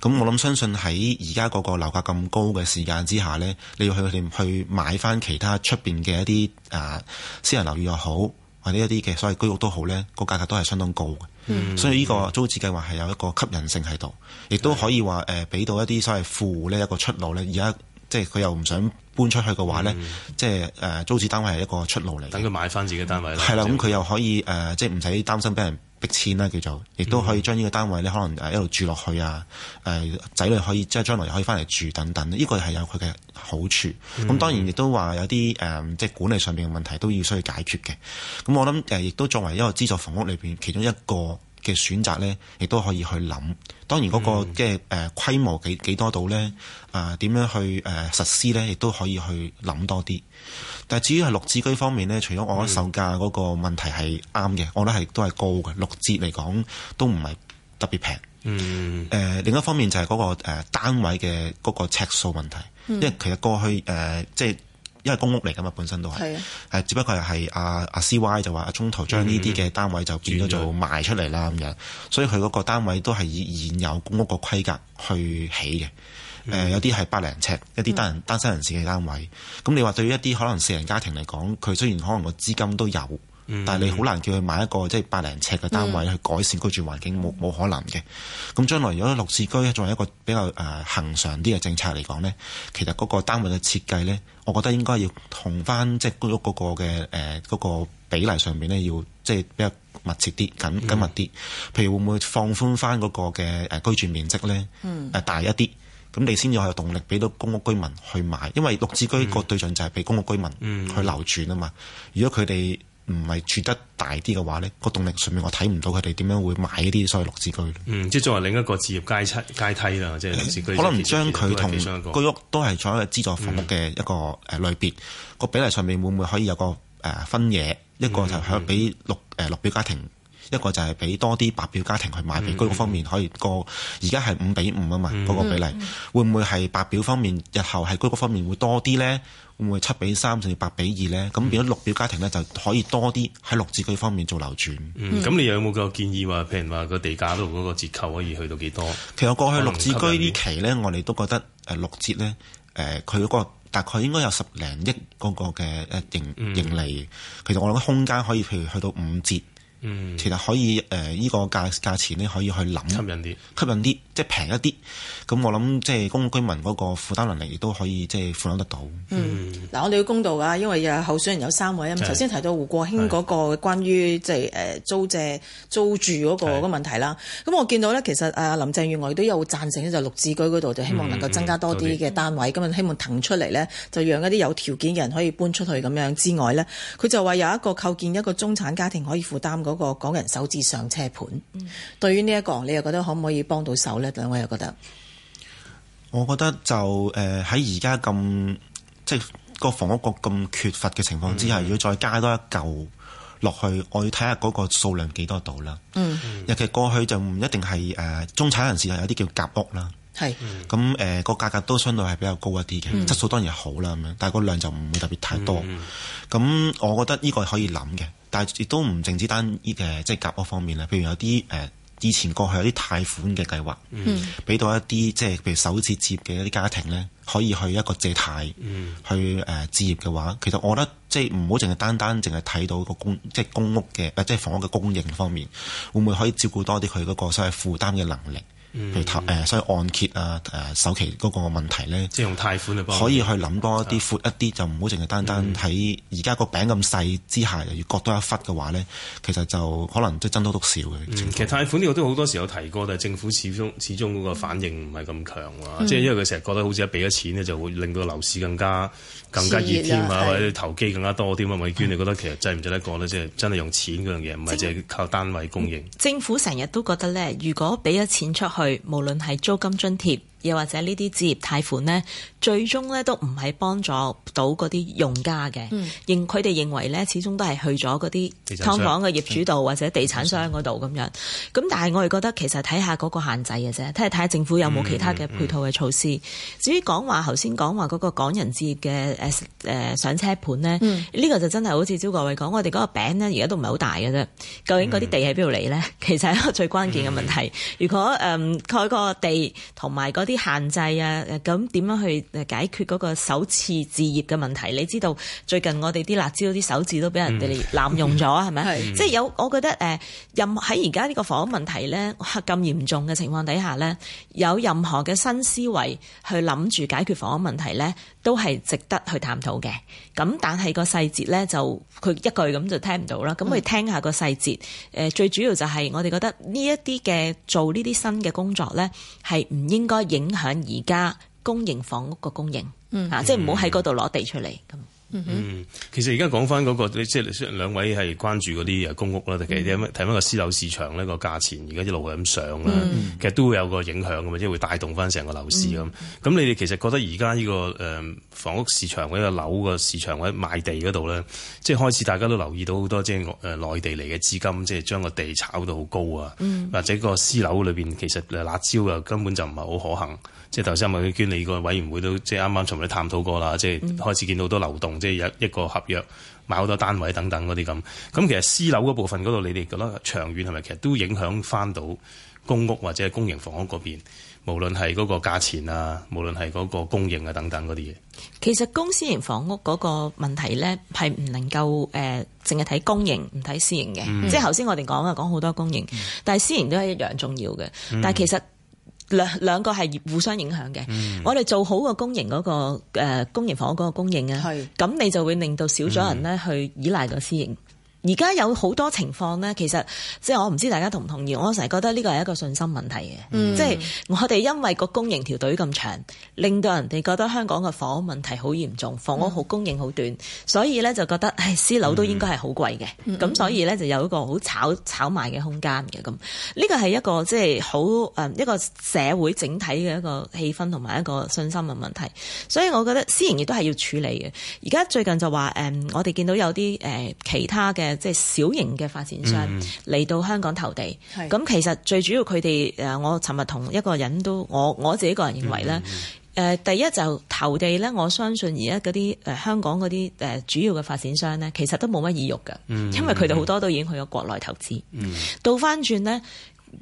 咁我諗相信喺而家嗰個樓價咁高嘅時間之下咧，你要去去買翻其他出邊嘅一啲啊私人樓宇又好。或者一啲嘅所謂居屋都好咧，個價格都係相當高嘅，嗯、所以呢個租置計劃係有一個吸引性喺度，亦都可以話誒俾到一啲所謂富呢一個出路咧。而家即係佢又唔想搬出去嘅話咧，嗯、即係誒、呃、租置單位係一個出路嚟。等佢買翻自己單位。係啦、嗯，咁佢的又可以誒，呃、即係唔使擔心俾人，逼遷啦，叫做亦都可以將呢個單位咧，可能誒一路住落去啊，誒、呃、仔女可以即係將來可以翻嚟住等等。呢、這個係有佢嘅好處。咁、嗯嗯、當然亦都話有啲誒、呃，即係管理上面嘅問題都要需要解決嘅。咁、嗯、我諗誒、呃，亦都作為一個資助房屋裏邊其中一個。嘅選擇呢亦都可以去諗。當然嗰、那個即係誒規模幾幾多度呢，啊、呃，點樣去誒、呃、實施呢亦都可以去諗多啲。但係至於係六折居方面呢，除咗我覺得售價嗰個問題係啱嘅，嗯、我覺得係都係高嘅六折嚟講都唔係特別平。誒、嗯呃，另一方面就係嗰、那個誒、呃、單位嘅嗰個尺數問題，嗯、因為其實過去誒、呃、即係。因為公屋嚟㗎嘛，本身都係係，的只不過係阿阿 C Y 就話，阿中途將呢啲嘅單位就變咗做賣出嚟啦咁樣，嗯、所以佢嗰個單位都係以現有公屋個規格去起嘅。誒、嗯，有啲係百零尺，一啲單單身人士嘅單位。咁、嗯、你話對於一啲可能四人家庭嚟講，佢雖然可能個資金都有。但係你好難叫佢買一個即係百零尺嘅單位去改善居住環境，冇冇、嗯、可能嘅。咁將來如果綠置居作為一個比較誒恆、呃、常啲嘅政策嚟講呢，其實嗰個單位嘅設計呢，我覺得應該要同翻即係公屋嗰個嘅誒嗰比例上面呢，要即係比較密切啲緊緊密啲。譬如會唔會放寬翻嗰個嘅誒居住面積呢？嗯呃、大一啲，咁你先至有動力俾到公屋居民去買，因為綠置居個對象就係俾公屋居民去流轉啊嘛。如果佢哋唔係住得大啲嘅話呢、呢個動力上面我睇唔到佢哋點樣會買一啲所謂綠置居。嗯、即係作為另一個置業階階梯啦，即係綠置居，可能將佢同居屋都係作為資助房屋嘅一個誒類別，個、嗯、比例上面會唔會可以有個誒分野？嗯、一個就係俾、嗯呃、綠誒綠表家庭，一個就係俾多啲白表家庭去買。譬如、嗯嗯、居屋方面可以個，而家係五比五啊嘛，嗰個比例會唔會係白表方面日後喺居屋方面會多啲呢？會唔會七比三，甚至八比二咧，咁變咗綠表家庭咧就可以多啲喺綠置居方面做流轉。咁你有冇個建議話，譬如話個地價度嗰個折扣可以去到幾多？其實過去綠置居呢期咧，嗯、我哋都覺得誒六折咧，誒佢嗰個大概應該有十零億嗰個嘅誒盈、嗯、盈利。其實我諗空間可以譬如去到五折。嗯，其實可以誒呢、呃這個價價錢咧可以去諗吸引啲，吸引啲，即係平一啲。咁我諗即係公共居民嗰個負擔能力亦都可以即係負擔得到。嗯，嗱、嗯、我哋要公道啊，因為有候選人有三位啊。咁頭先提到胡國興嗰個關於即係誒租借是租住嗰個，個問題啦。咁是我見到咧，其實阿林鄭月娥亦都有贊成咧，就綠、是、置居嗰度就希望能夠增加多啲嘅單位。咁啊、嗯，希望騰出嚟咧，就讓一啲有條件嘅人可以搬出去咁樣之外咧，佢就話有，有一個構建一個中產家庭可以負擔。嗰個港人手指上車盤，嗯、對於呢、這、一個你又覺得可唔可以幫到手呢？兩位又覺得？我覺得就誒喺而家咁即係個房屋局咁缺乏嘅情況之下，嗯、要再加多一嚿落去，我要睇下嗰個數量幾多度啦。嗯，尤其過去就唔一定係誒、呃、中產人士有啲叫夾屋啦。係，咁誒個價格都相對係比較高一啲嘅，嗯、質素當然好啦咁樣，但係個量就唔會特別太多。咁、嗯、我覺得呢個可以諗嘅，但係亦都唔淨止單呢誒、呃，即係夾屋方面啦。譬如有啲誒、呃、以前過去有啲貸款嘅計劃，俾、嗯、到一啲即係譬如首次置業嘅一啲家庭咧，可以去一個借貸去誒、嗯呃、置業嘅話，其實我覺得即係唔好淨係單單淨係睇到個公，即係公屋嘅，即係房屋嘅供應方面，會唔會可以照顧多啲佢嗰個所謂負擔嘅能力？譬如貸、嗯嗯、所以按揭啊，誒首期嗰個問題咧，即係用貸款嚟幫，可以去諗多一啲闊一啲，就唔好淨係單單喺而家個餅咁細之下，又要割多一忽嘅話咧，其實就可能即係爭多奪少嘅。其實貸款呢個都好多時候提過，但係政府始終始終嗰個反應唔係咁強喎，即係、嗯、因為佢成日覺得好似一俾咗錢咧，就會令到樓市更加更加熱添啊，或者投機更加多添啊，美娟的，你覺得其實制唔制得過咧？即、就、係、是、真係用錢嗰樣嘢，唔係淨係靠單位供應。政府成日都覺得咧，如果俾咗錢出話無論係租金津貼，又或者呢啲置業貸款咧，最終咧都唔係幫助到嗰啲用家嘅，認佢哋認為咧，始終都係去咗嗰啲劏房嘅業主度，嗯、或者地產商嗰度咁樣，咁但係我哋覺得其實睇下嗰個限制嘅啫，睇下睇下政府有冇其他嘅配套嘅措施。嗯嗯，至於講話頭先講話嗰個港人置業嘅誒誒上車盤咧，呢、嗯、個就真係好似招國偉講我哋嗰個餅咧而家都唔係好大嘅啫。究竟嗰啲地喺邊度嚟咧？其實係一個最關鍵嘅問題，嗯、如果誒蓋個地同埋嗰，啲限制啊，咁點樣去解決嗰個首次置業嘅問題？你知道最近我哋啲辣椒啲手指都俾人哋濫用咗，係咪？即係有，我覺得誒，任喺而家呢個房屋問題呢，咁嚴重嘅情況底下呢，有任何嘅新思維去諗住解決房屋問題呢？都係值得去探討嘅，咁但係個細節呢，就佢一句咁就聽唔到啦。咁佢聽下個細節，誒、嗯、最主要就係我哋覺得呢一啲嘅做呢啲新嘅工作呢，係唔應該影響而家公營房屋個供應，嚇、嗯啊，即係唔好喺嗰度攞地出嚟。嗯嗯。嗯，其實而家講翻嗰個，你即係兩位係關注嗰啲誒公屋啦，其實睇翻個私樓市場呢個價錢，而家一路咁上啦，其實都會有個影響噶嘛，即係會帶動翻成個樓市咁。咁，嗯，你哋其實覺得而家呢個誒房屋市場或者樓個樓市場，或者，個市場或者賣地嗰度咧，即係開始大家都留意到好多即係誒內地嚟嘅資金，即係將個地炒到好高啊，或者個私樓裏邊其實辣椒啊根本就唔係好可行。即係頭先阿麥美娟，你個委員會都即係啱啱從嚟都探討過啦，即係開始見到好多流動，即係一一個合約買好多單位等等嗰啲咁。咁其實私樓嗰部分嗰度，你哋覺得長遠係咪其實都影響翻到公屋或者公營房屋嗰邊，無論係嗰個價錢啊，無論係嗰個供應啊等等嗰啲嘢。其實公私營房屋嗰個問題咧，係唔能夠誒淨係睇公營唔睇私營嘅。嗯、即係頭先我哋講啊，講好多公營，嗯、但係私營都係一樣重要嘅。但係其實兩兩個係互相影響嘅，嗯、我哋做好公營、嗰個呃、公營房屋個供應嗰個誒，公營房嗰個供應啊，咁你就會令到少咗人咧去依賴個私營。嗯而家有好多情況咧，其實即係我唔知大家同唔同意，我成日覺得呢個係一個信心問題嘅，即係、嗯、我哋因為個供應條隊咁長，令到人哋覺得香港嘅房屋問題好嚴重，房屋好供應好短，嗯、所以咧就覺得唉私樓都應該係好貴嘅，咁、嗯、所以咧就有一個好炒炒賣嘅空間嘅咁，呢個係一個即係好誒一個社會整體嘅一個氣氛同埋一個信心嘅問題，所以我覺得私營亦都係要處理嘅。而家最近就話誒、嗯、我哋見到有啲誒、呃、其他嘅。即係小型嘅發展商嚟、mm hmm. 到香港投地，咁是其實最主要佢哋誒，我尋日同一個人都，我我自己個人認為呢，誒、mm hmm. 呃、第一就投地呢。我相信而家嗰啲誒香港嗰啲誒主要嘅發展商呢，其實都冇乜意欲㗎，mm hmm. 因為佢哋好多都已經去咗國內投資，倒翻轉呢。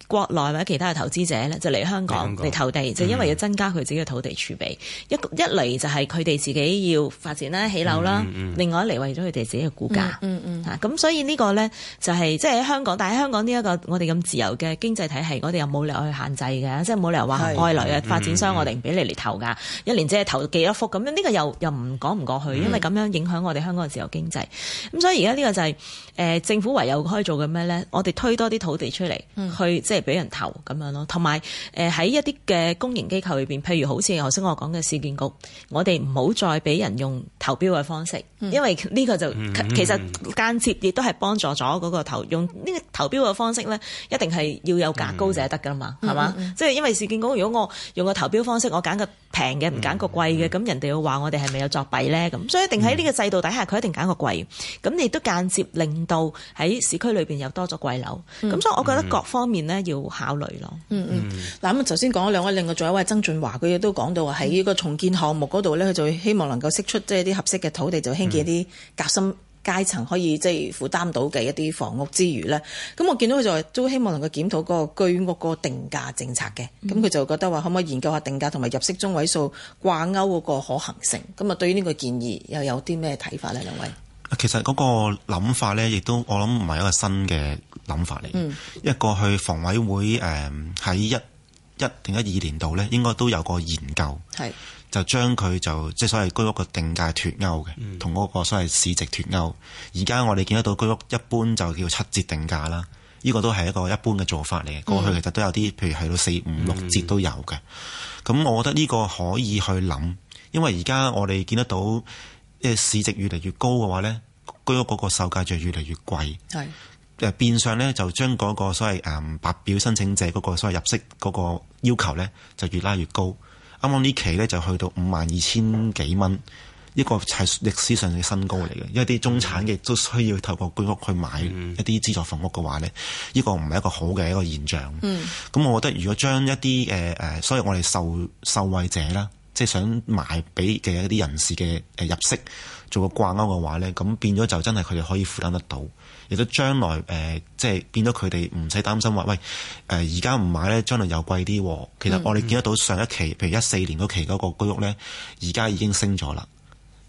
國內或者其他嘅投資者咧，就嚟香港嚟港投地，就因為要增加佢自己嘅土地儲備。嗯、一一嚟就係佢哋自己要發展啦，起樓啦。嗯嗯嗯、另外一嚟為咗佢哋自己嘅股價。咁、嗯嗯嗯，所以呢個呢、就是，就係即係喺香港，但係香港呢一個我哋咁自由嘅經濟體系，我哋又冇理由去限制嘅，即係冇理由話外來嘅是發展商我哋唔俾你嚟投噶。嗯嗯、一年只係投幾多幅咁樣，呢個又又唔講唔過去，因為咁樣影響我哋香港嘅自由經濟。咁、嗯、所以而家呢個就係、是呃，政府唯有可以做嘅咩呢？我哋推多啲土地出嚟去。即係俾人投咁樣咯，同埋誒喺一啲嘅公營機構裏邊，譬如好似頭先我講嘅市建局，我哋唔好再俾人用投標嘅方式，嗯、因為呢個就其實間接亦都係幫助咗嗰個投用呢個投標嘅方式咧，一定係要有價高者得噶嘛，係嘛？即係因為市建局如果我用個投標方式，我揀個平嘅，唔揀個貴嘅，咁、嗯嗯、人哋會話我哋係咪有作弊咧？咁、嗯、所以一定喺呢個制度底下，佢一定揀個貴。咁你都間接令到喺市區裏邊又多咗貴樓。咁所以，我覺得各方面。嗯嗯咧要考慮咯、嗯，嗯嗯，嗱咁啊，頭先講咗兩位，另外仲有一位曾俊華，佢亦都講到話喺個重建項目嗰度咧，佢就希望能夠釋出即係啲合適嘅土地，就興建啲夾心階層可以即係負擔到嘅一啲房屋之餘咧，咁、嗯、我見到佢就都希望能夠檢討嗰個居屋嗰個定價政策嘅，咁佢就覺得話可唔可以研究下定價同埋入息中位數掛鈎嗰個可行性？咁啊，對於呢個建議又有啲咩睇法咧，兩位？其實嗰個諗法呢，亦都我諗唔係一個新嘅諗法嚟。嗯、一過去房委會誒喺、嗯、一一定一,一,一二年度呢，應該都有個研究，係是就將佢就即係所謂居屋嘅定價脫鈎嘅，同嗰個所謂市值脫鈎。而家我哋見得到居屋一般就叫七折定價啦，呢個都係一個一般嘅做法嚟。過去其實都有啲，譬如係到四五六折都有嘅。咁、嗯、我覺得呢個可以去諗，因為而家我哋見得到。即係市值越嚟越高嘅話呢，居屋嗰個售價就越嚟越貴，係誒是變相呢，就將嗰個所謂誒、嗯、白表申請者嗰個所謂入息嗰個要求呢，就越拉越高。啱啱呢期呢，就去到五萬二千幾蚊，一個係歷史上嘅新高嚟嘅。是因為一啲中產嘅亦都需要透過居屋去買一啲資助房屋嘅話呢呢、嗯、個唔係一個好嘅一個現象。咁、嗯、我覺得如果將一啲誒誒，所以我哋受受惠者啦。即係想賣俾嘅一啲人士嘅誒入息做個掛鈎嘅話咧，咁變咗就真係佢哋可以負擔得到，亦都將來誒即係變咗佢哋唔使擔心話，喂誒而家唔買咧，將來又貴啲。其實我哋見得到上一期，譬如一四年嗰期嗰個居屋咧，而家已經升咗啦。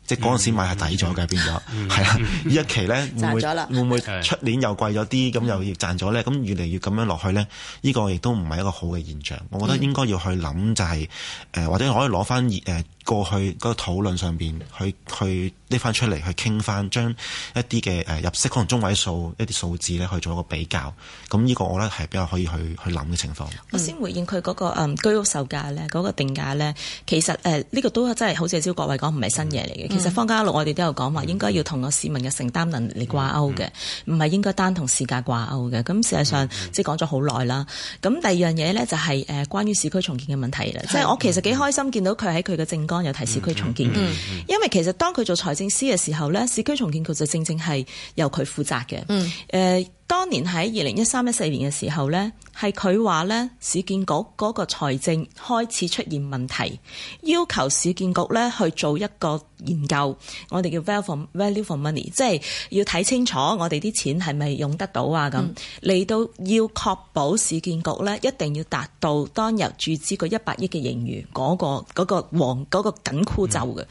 即係嗰陣時買係抵咗嘅，變咗係啊！ 呢一期咧會唔會，了了會唔會出年又貴咗啲，咁又要賺咗咧？咁越嚟越咁樣落去咧，呢、呢個亦都唔係一個好嘅現象。我覺得應該要去諗就係、係、誒、呃，或者可以攞翻誒過去嗰個討論上邊，去去拎翻出嚟去傾翻，將一啲嘅誒入息可能中位數一啲數字咧去做一個比較，咁呢個我咧係比較可以去去諗嘅情況。我先回應佢嗰個居屋售價咧，嗰個定價咧，其實誒呢個都真係好似阿招國偉講，唔係新嘢嚟嘅。其實《方家六》我哋都有講話，應該要同個市民嘅承擔能力嚟掛鈎嘅，唔係應該單同市價掛鈎嘅。咁事實上即係講咗好耐啦。咁第二樣嘢咧就係誒關於市區重建嘅問題啦，即係我其實幾開心見到佢喺佢嘅政綱，有提市區重建嘅，嗯嗯嗯、因為其實當佢做財政司嘅時候咧，市區重建局就正正係由佢負責嘅。嗯，誒、呃。當年喺二零一三一四年嘅時候呢，係佢話，呢市建局嗰個財政開始出現問題，要求市建局呢去做一個研究，我哋叫 value for money，即係要睇清楚我哋啲錢係咪用得到啊，咁，嚟、嗯、到要確保市建局呢一定要達到當日注資嗰一百億嘅盈餘嗰、嗰個嗰、嗰個黃緊箍、嗰個、咒嘅。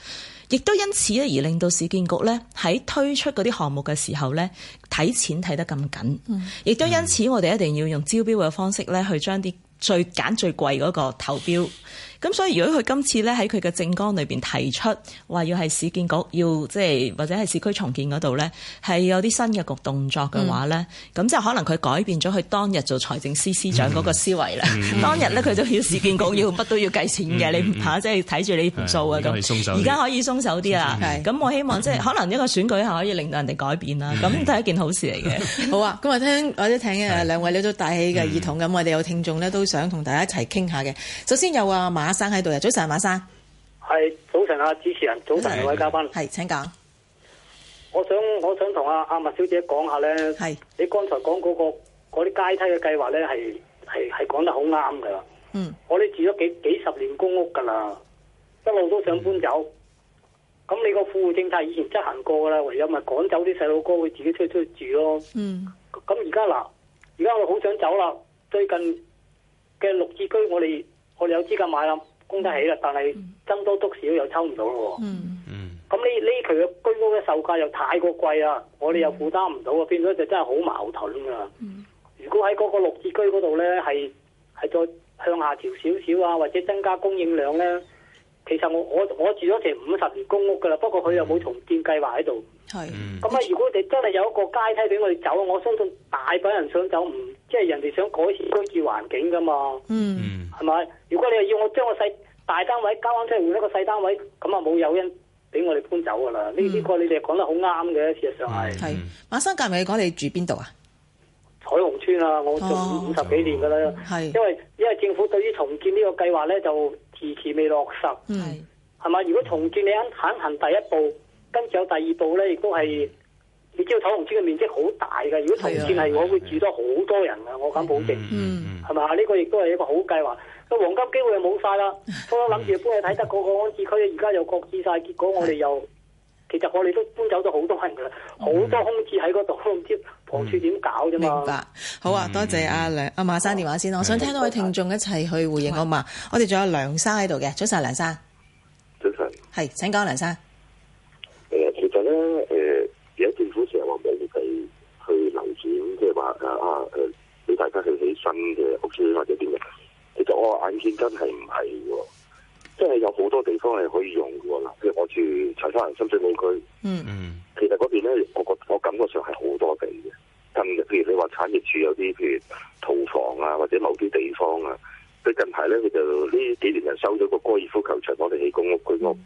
亦都因此咧，而令到市建局咧喺推出嗰啲項目嘅時候咧，睇錢睇得咁緊，嗯、亦都因此，我哋一定要用招標嘅方式咧，去將啲最揀最貴嗰個投標。咁所以如果佢今次咧喺佢嘅政綱裏邊提出話要係市建局要即係或者係市區重建嗰度咧係有啲新嘅局動作嘅話咧，咁即係可能佢改變咗佢當日做財政司司長嗰個思維啦。當日咧佢就要市建局要乜都要計錢嘅，你唔怕即係睇住你條數啊咁。而家可以鬆手啲啦，係咁我希望即係可能一個選舉係可以令到人哋改變啦，咁都係一件好事嚟嘅。好啊，咁我聽我都聽啊兩位咧都帶起嘅耳筒，咁我哋有聽眾咧都想同大家一齊傾下嘅。首先有啊馬生喺度啊！早晨，馬生係早晨啊！主持人，早晨上各位嘉賓，係請講。我想我想同阿阿麥小姐講下咧，係你剛才講嗰個嗰啲階梯嘅計劃咧，係係係講得好啱噶啦。嗯，我哋住咗幾幾十年公屋噶啦，一路都想搬走。咁、嗯、你個富戶政策以前執行過噶啦，唯有咪趕走啲細路哥，會自己出去出去住咯。嗯，咁而家嗱，而家我好想走啦。最近嘅綠置居，我哋。我哋有資格買啦，供得起啦，但係增多篤少又抽唔到咯喎。嗯嗯，咁呢呢期嘅居屋嘅售價又太過貴啦，我哋又負擔唔到啊，變咗就真係好矛盾㗎。嗯、如果喺嗰個綠置居嗰度咧，係係再向下調少少啊，或者增加供應量咧，其實我我我住咗成五十年公屋㗎啦，不過佢又冇重建計劃喺度。係，咁啊！如果你真係有一個階梯俾我哋走，我相信大把人想走，唔即係人哋想改善居住環境噶嘛。嗯，係咪？如果你係要我將個細大單位交翻出去換一個細單位，咁啊冇誘因俾我哋搬走噶啦。呢啲個你哋講得好啱嘅，事實上係。係馬生介咪講你住邊度啊？彩虹村啊，我做五十幾年噶啦。係，因為因為政府對於重建呢個計劃咧就遲遲未落實。係，係咪？如果重建你肯肯行第一步，跟住有第二步咧，亦都係你知道，彩虹村嘅面積好大嘅。如果彩虹村係，我會住多好多人嘅，我敢保證。嗯，係嘛？呢個亦都係一個好計劃。個黃金機會又冇晒啦，我初諗住搬去睇得個安置區，而家又各置晒，結果我哋又其實我哋都搬走咗好多人嘅，好多空置喺嗰度，唔知房處點搞啫嘛？明白。好啊，多謝阿梁阿馬生電話先，我想聽到位聽眾一齊去回應好嘛？我哋仲有梁生喺度嘅，早晨梁生。早晨。係，請講，梁生。咧，而家、呃、政府成日話俾佢去流轉，即係話啊啊誒俾、呃、大家去起新嘅屋村或者點樣。其實我眼見真係唔係喎，即係有好多地方係可以用嘅喎啦。譬如我住柴山南深水埗區，嗯嗯，其實嗰邊咧，我個我感覺上係好多地嘅。跟住譬如你話產業處有啲譬如套房啊，或者某啲地方啊。所以近排咧，佢就呢幾年就收咗個高爾夫球場，我哋起公屋居屋。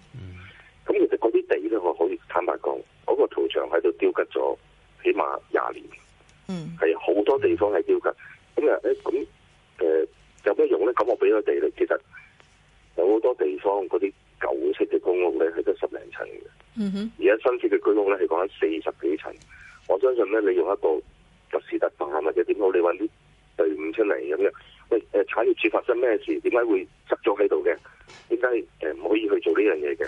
咁其實嗰啲地咧，我可以坦白講，嗰、那個圖像喺度雕刻咗起碼廿年嘅，嗯、mm，係、hmm. 好多地方係雕刻。咁啊，誒、欸，咁誒、呃，有咩用咧？咁我俾個地咧，其實有好多地方嗰啲舊式嘅公屋咧，係得十零層嘅，哼、mm，hmm. 而家新式嘅居屋咧係講緊四十幾層，我相信咧，你用一個特事特辦或者點好，你搵啲隊伍出嚟咁樣，喂，誒、呃，產業處發生咩事？點解會執咗喺度嘅？點解誒唔可以去做呢樣嘢嘅？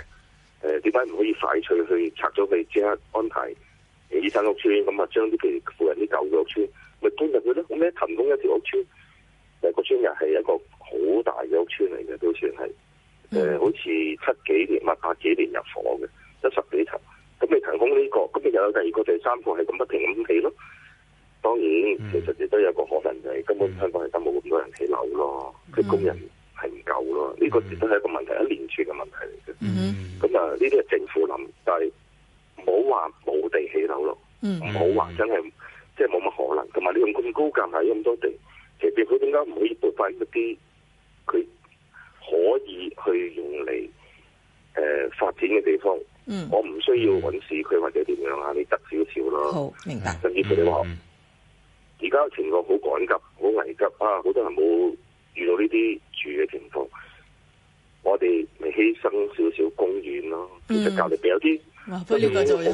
誒點解唔可以快脆去拆咗佢，即刻安排醫生屋村咁啊？將啲佢附近啲舊嘅屋村咪搬入去咧？咁咩？騰空一條屋村，誒、那個村又係一個好大嘅屋村嚟嘅，都算係誒、呃，好似七幾年、八幾年入伙嘅，一十幾層。咁你騰空呢、這個，咁你又有第二個、第三個係咁不停咁起咯。當然，其實亦都有個可能就係、是、根本香港係得冇咁多人起樓咯，佢工人。嗯嗯係唔夠咯？呢、這個亦都係一個問題，一連串嘅問題嚟嘅。咁啊、mm，呢啲係政府諗，但係唔好話冇地起樓咯，唔好話真係即係冇乜可能。同埋你用咁高價買咁多地，其實佢點解唔可以撥翻一啲佢可以去用嚟誒、呃、發展嘅地方？Mm hmm. 我唔需要揾市區或者點樣啊，你得少少咯。明白。甚至佢哋話，而家嘅情況好趕急，好危急啊！好多人冇。遇到呢啲住嘅情況，我哋咪犧牲少少公園咯，其實教你比較啲。不過呢個就會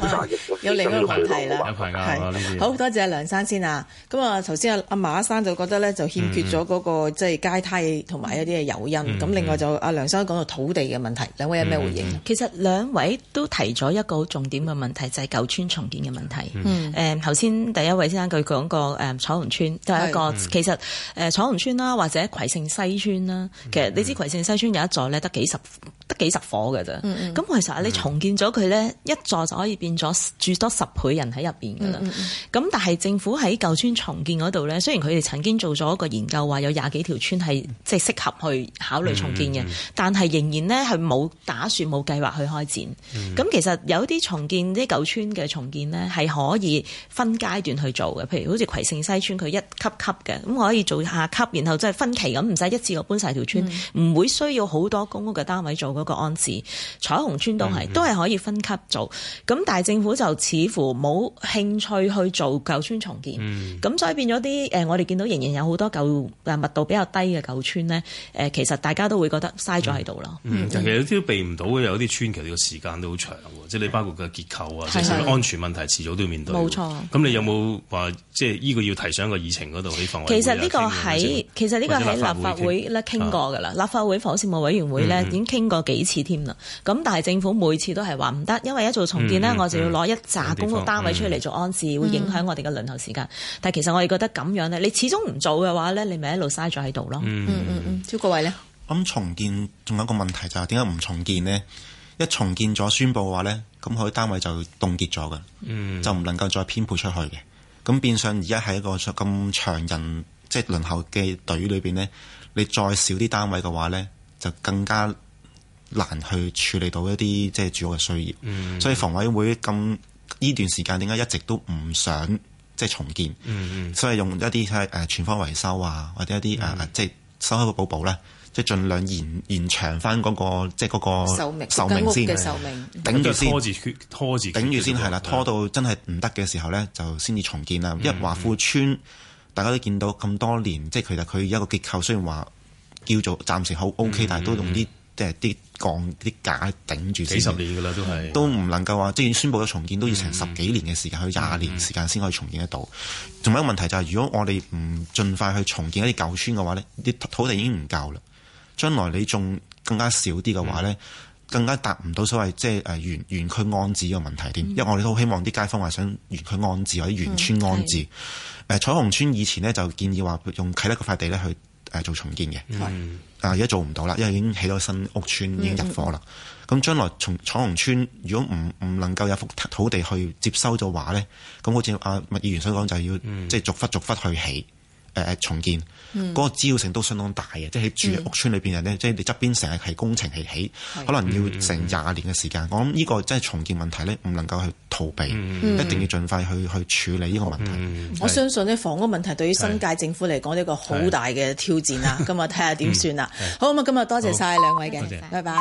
有另外一個問題啦，嗯、是好多謝阿梁生先啊。咁啊，頭先阿阿馬生就覺得咧，就欠缺咗嗰個即係階梯同埋一啲嘅誘因。咁、嗯、另外就阿梁生講到土地嘅問題，嗯、兩位有咩回應？其實兩位都提咗一個好重點嘅問題，就係、是、舊村重建嘅問題。嗯。誒頭先第一位先生佢講過誒彩虹村都係、就是、一個是、嗯、其實誒彩虹村啦，或者葵盛西村啦，其實你知葵盛西村有一座咧，得幾十得幾十夥嘅啫。咁其實你重建咗佢咧？一座就可以變咗住多十倍人喺入邊噶啦。咁、嗯嗯、但係政府喺舊村重建嗰度呢，雖然佢哋曾經做咗一個研究話有廿幾條村係即係適合去考慮重建嘅，嗯嗯嗯，但係仍然呢，係冇打算、冇計劃去開展。咁、嗯嗯、其實有啲重建啲舊村嘅重建呢係可以分階段去做嘅，譬如好似葵盛西村佢一級級嘅，咁我可以做下級，然後即係分期咁，唔使一次過搬晒條村，唔、嗯嗯、會需要好多公屋嘅單位做嗰個安置。彩虹邨都係，都係可以分級。做咁，但係政府就似乎冇興趣去做舊村重建，咁、嗯、所以變咗啲誒，我哋見到仍然有好多舊誒密度比較低嘅舊村咧，誒、呃、其實大家都會覺得嘥咗喺度咯。其實有啲避唔到嘅，有啲村其實個時間都好長嘅，即係你包括嘅結構啊，甚至安全問題遲早都要面對。冇錯。咁你有冇話即係呢個要提上一個議程嗰度起？其實呢個喺其實呢個喺立法會咧傾、啊、過㗎啦，立法會房屋事務委員會咧已經傾過幾次添啦。咁、嗯嗯、但係政府每次都係話唔得，因為一做重建呢，嗯嗯、我就要攞一紮公屋單位出嚟做安置，嗯、會影響我哋嘅輪候時間。嗯、但係其實我哋覺得咁樣呢，你始終唔做嘅話、嗯嗯、呢，你咪一路嘥咗喺度咯。嗯嗯嗯，招國偉呢，咁重建仲有一個問題就係點解唔重建呢？一重建咗宣佈嘅話呢，咁佢啲單位就凍結咗嘅，嗯、就唔能夠再編配出去嘅。咁變相而家喺一個咁長人，即、就、係、是、輪候嘅隊裏邊呢，你再少啲單位嘅話呢，就更加～難去處理到一啲即係主要嘅需要，嗯、所以房委會咁呢段時間點解一直都唔想即係重建？嗯、所以用一啲誒、呃、全方維修啊，或者一啲誒即係修修補補呢，即係儘量延延長翻嗰、那個即係嗰個壽命壽命先壽命頂住先拖住拖住頂住先係啦，拖到真係唔得嘅時候呢，就先至重建啦。因、嗯、為華富村大家都見到咁多年，即係、嗯、其實佢一個結構雖然話叫做暫時好 O K，但係都用啲。即係啲鋼啲架頂住，幾十年噶啦都係，都唔能夠話、嗯、即已宣布咗重建，都要成十幾年嘅時間，去廿年時間先可以重建得到。仲有一個問題就係、是，如果我哋唔盡快去重建一啲舊村嘅話呢啲土地已經唔夠啦。將來你仲更加少啲嘅話呢、嗯、更加達唔到所謂即係誒原原區安置嘅問題添。因為我哋都好希望啲街坊話想原區安置或者原村安置。誒、嗯啊、彩虹村以前呢，就建議話用啟德嗰塊地咧去誒做重建嘅。嗯嗯啊！而家做唔到啦，因為已經起咗新屋邨，已經入伙啦。咁、嗯、將來從彩虹邨，如果唔唔能夠有幅土地去接收嘅話咧，咁好似阿、啊、麥議員所講，就要、嗯、即係逐忽逐忽去起。誒重建嗰個滋擾性都相當大嘅，即係住喺屋邨裏邊人咧，即係你側邊成日係工程係起，可能要成廿年嘅時間。我諗呢個真係重建問題咧，唔能夠去逃避，一定要盡快去去處理呢個問題。我相信呢房屋問題對於新界政府嚟講，呢個好大嘅挑戰啊。今日睇下點算啊。好啊，今日多謝晒兩位嘅，拜拜。